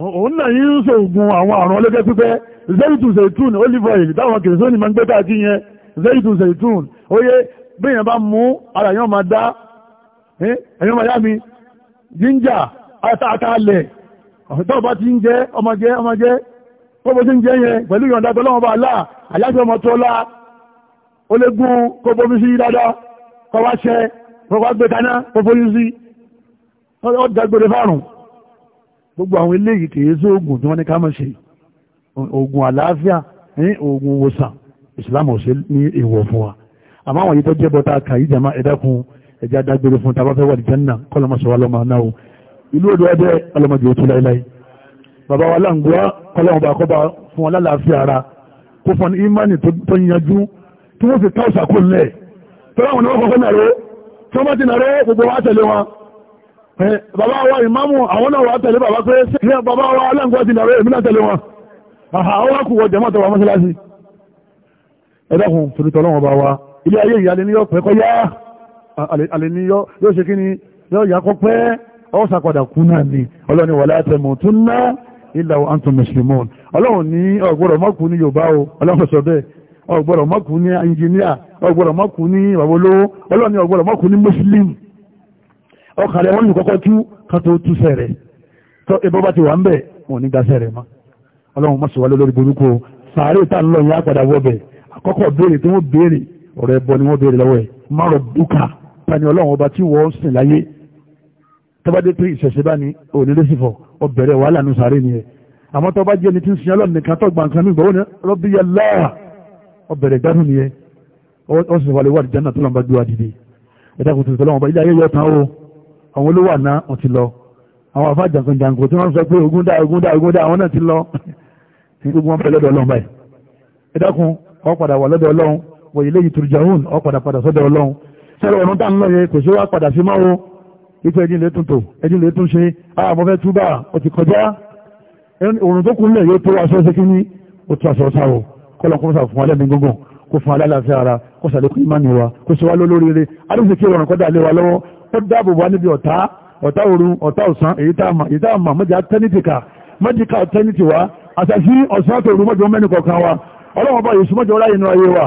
òun náà yín ń sògùn àwọn àrùn ọlọ́gẹ́ pípẹ́ zeytu zeytun olive oil táwọn mi jíńjà àtàlẹ̀ ọ̀fẹ́tọ́ bá ti ń jẹ́ ọmọjẹ́ ọmọjẹ́ kóbó tí ń jẹ́ yẹn pẹ̀lú ìyọ̀nda tọ́lọ́wọ́ bá aláà àyájọ́ ọmọ tó lá ó lé gún kóbó mi sí dáadáa kọwá ṣẹ kọwá gbé kaná kóbó yìí sí ó dágbére fárùn gbogbo àwọn eléyìí kìí wa àmọ́ àwọn yìí tó ẹjẹ́ adágbére fún tàbá fẹ́ wà ní jẹ́nà kọ́lọ́mọṣọ́ wa lọ́mọ aná o ìlú odò ẹdẹ ọlọ́mọdé òtún láíláí bàbá wa láǹgbá kọ́lọ́mọba kọ́ba fún ọlálàáfíà ara kó fún ìmánì tó yanjú tí wọ́n fi ká òṣàkó lẹ̀ tọ́lá wọn ni wọ́n kọ́kọ́ nàró tí wọ́n bá ti nàró gbogbo wa tẹ̀lé wọn bàbá wa ìmáàmù àwọn náà wà tẹ̀lé bàbá pé bàbá wa láǹgbá ti nàró èmi náà tẹ̀lé wọn àhà àwọn akùwọ̀ jẹ̀mọ́ tọ̀wọ̀ mọ́ṣáláṣí ẹ̀dá kun torítọ́ ọlọ́wọ́n bá wa ilé ayé ìyáléní àlè ní yóò ṣe kí ni yóò yà kó pẹ́ ọ́ sàpadà kú náà ni ọlọ́ni wala tamutunna illa wa antum muslimun ọlọ́run ní ọ̀gbọ́dọ̀ mọ́kù ní yorùbá o ọlọ́run sọ bẹ́ẹ̀ ọ̀gbọ́dọ̀ mọ́kù ní ẹnjìníà ọ̀gbọ́dọ̀ mọ́kù ní bàbá olówó muslim ọkàrẹ̀ wọn lù kọ́kọ́ tú kátó tú sẹ̀rẹ̀ tó ẹbọ́ bá ti wà ń bẹ̀ wọn ní gaṣẹ́ rẹ̀ mọ́ ọlọ́run mọ́ sọ̀wálé lórí burúkú sàárè tá ń lọ yẹn àpàdà wọ́ bẹ̀ àkọ́kọ́ tí wọ́n béèrè ọ̀rọ̀ ẹbọ ni wọ́n béèrè lọ́wọ́ ẹ̀ má rọ̀ dúkà ta ni ọlọ́run ọba tí wọ́n sìn láyé tọ́bádé pé ìṣẹ̀ṣẹ̀ bá ní ònílé ọbẹ̀rẹ̀ wàhálà ní sàárè ni ẹ̀ àmọ́ tọ́ bá jẹ́ ẹni tí ń sin ọlọ́run nìkan tó gba nǹkan nígbà wọn rọ́bí yẹ láà ọbẹ̀rẹ̀ gbádùn ni ẹ ọ sì wà lè wà ní jẹ́nà tó lọ́n bá gbé wa dìde ẹ̀dá kò tuntun lọ́wọ́ ọba ilé ayé yọ tán o àwọn olówó àná wọn ti lọ àwọn afá jàǹkànjàǹkò tí wọ́n sọ pé ogun dá ogun dá ogun dá àwọn náà ti lọ gbogbo wọn fẹ́ ọlọ́run báyìí ẹ̀dá kun ọ padà wà lọ́dọ̀ ọlọ́run wọ̀nyí lẹ́yìn turjahun ọ padà padà sọ́dọ̀ ọlọ́run sẹ́rọ ọ̀run tá ń lọ yẹ kò ṣe wá padà sí máwo ipò ẹjìn lè tún tò ẹjìn lè tún ṣe àmọ́ ah, fẹ́ túbà ó ti kọjá òrùn tó kún lẹ̀ yóò tó aṣọ ṣe kí ní ó tó aṣọ sáwọ kọ́lọ̀ kó sà fún alẹ́mí gbọ́ngàn kó fún alálàáfíà ara kó sàlékún ìmánì wa kó ṣe wá lólóríire adúgbò kí ọ̀rùn kọ́dà lé wa lọ́wọ́ ó dáàbò wá níbi ọ̀tá ọ̀tá òru ọ̀tá ọ̀sán èyí tá a mọ̀ mọ́jà tẹ́nìtìkà mọ́jìká tẹ́nìtì wa àṣàṣí ọ̀sán àtòrú mọ́jọ mẹ́nìkọ̀ọ̀kan wa ọlọ́wọ́n bá yìí súnmọ́jọ láyé inú ayé wa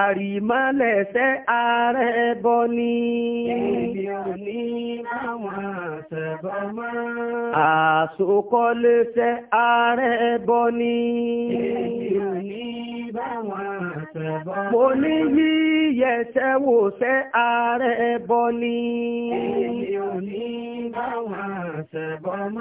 àrìmọ́lẹ̀ṣẹ́ ààrẹ bọ́ ní ibi òní àwọn àṣẹ̀bọ̀ máa àṣòkọ́lẹ́ṣẹ́ ààrẹ bọ́ ní ibi òní àwọn àṣẹ̀bọ̀ máa mo ní yíyẹ̀ṣẹ́ wòṣẹ́ ààrẹ bọ́ ní ibi òní àwọn àṣẹ̀bọ̀ máa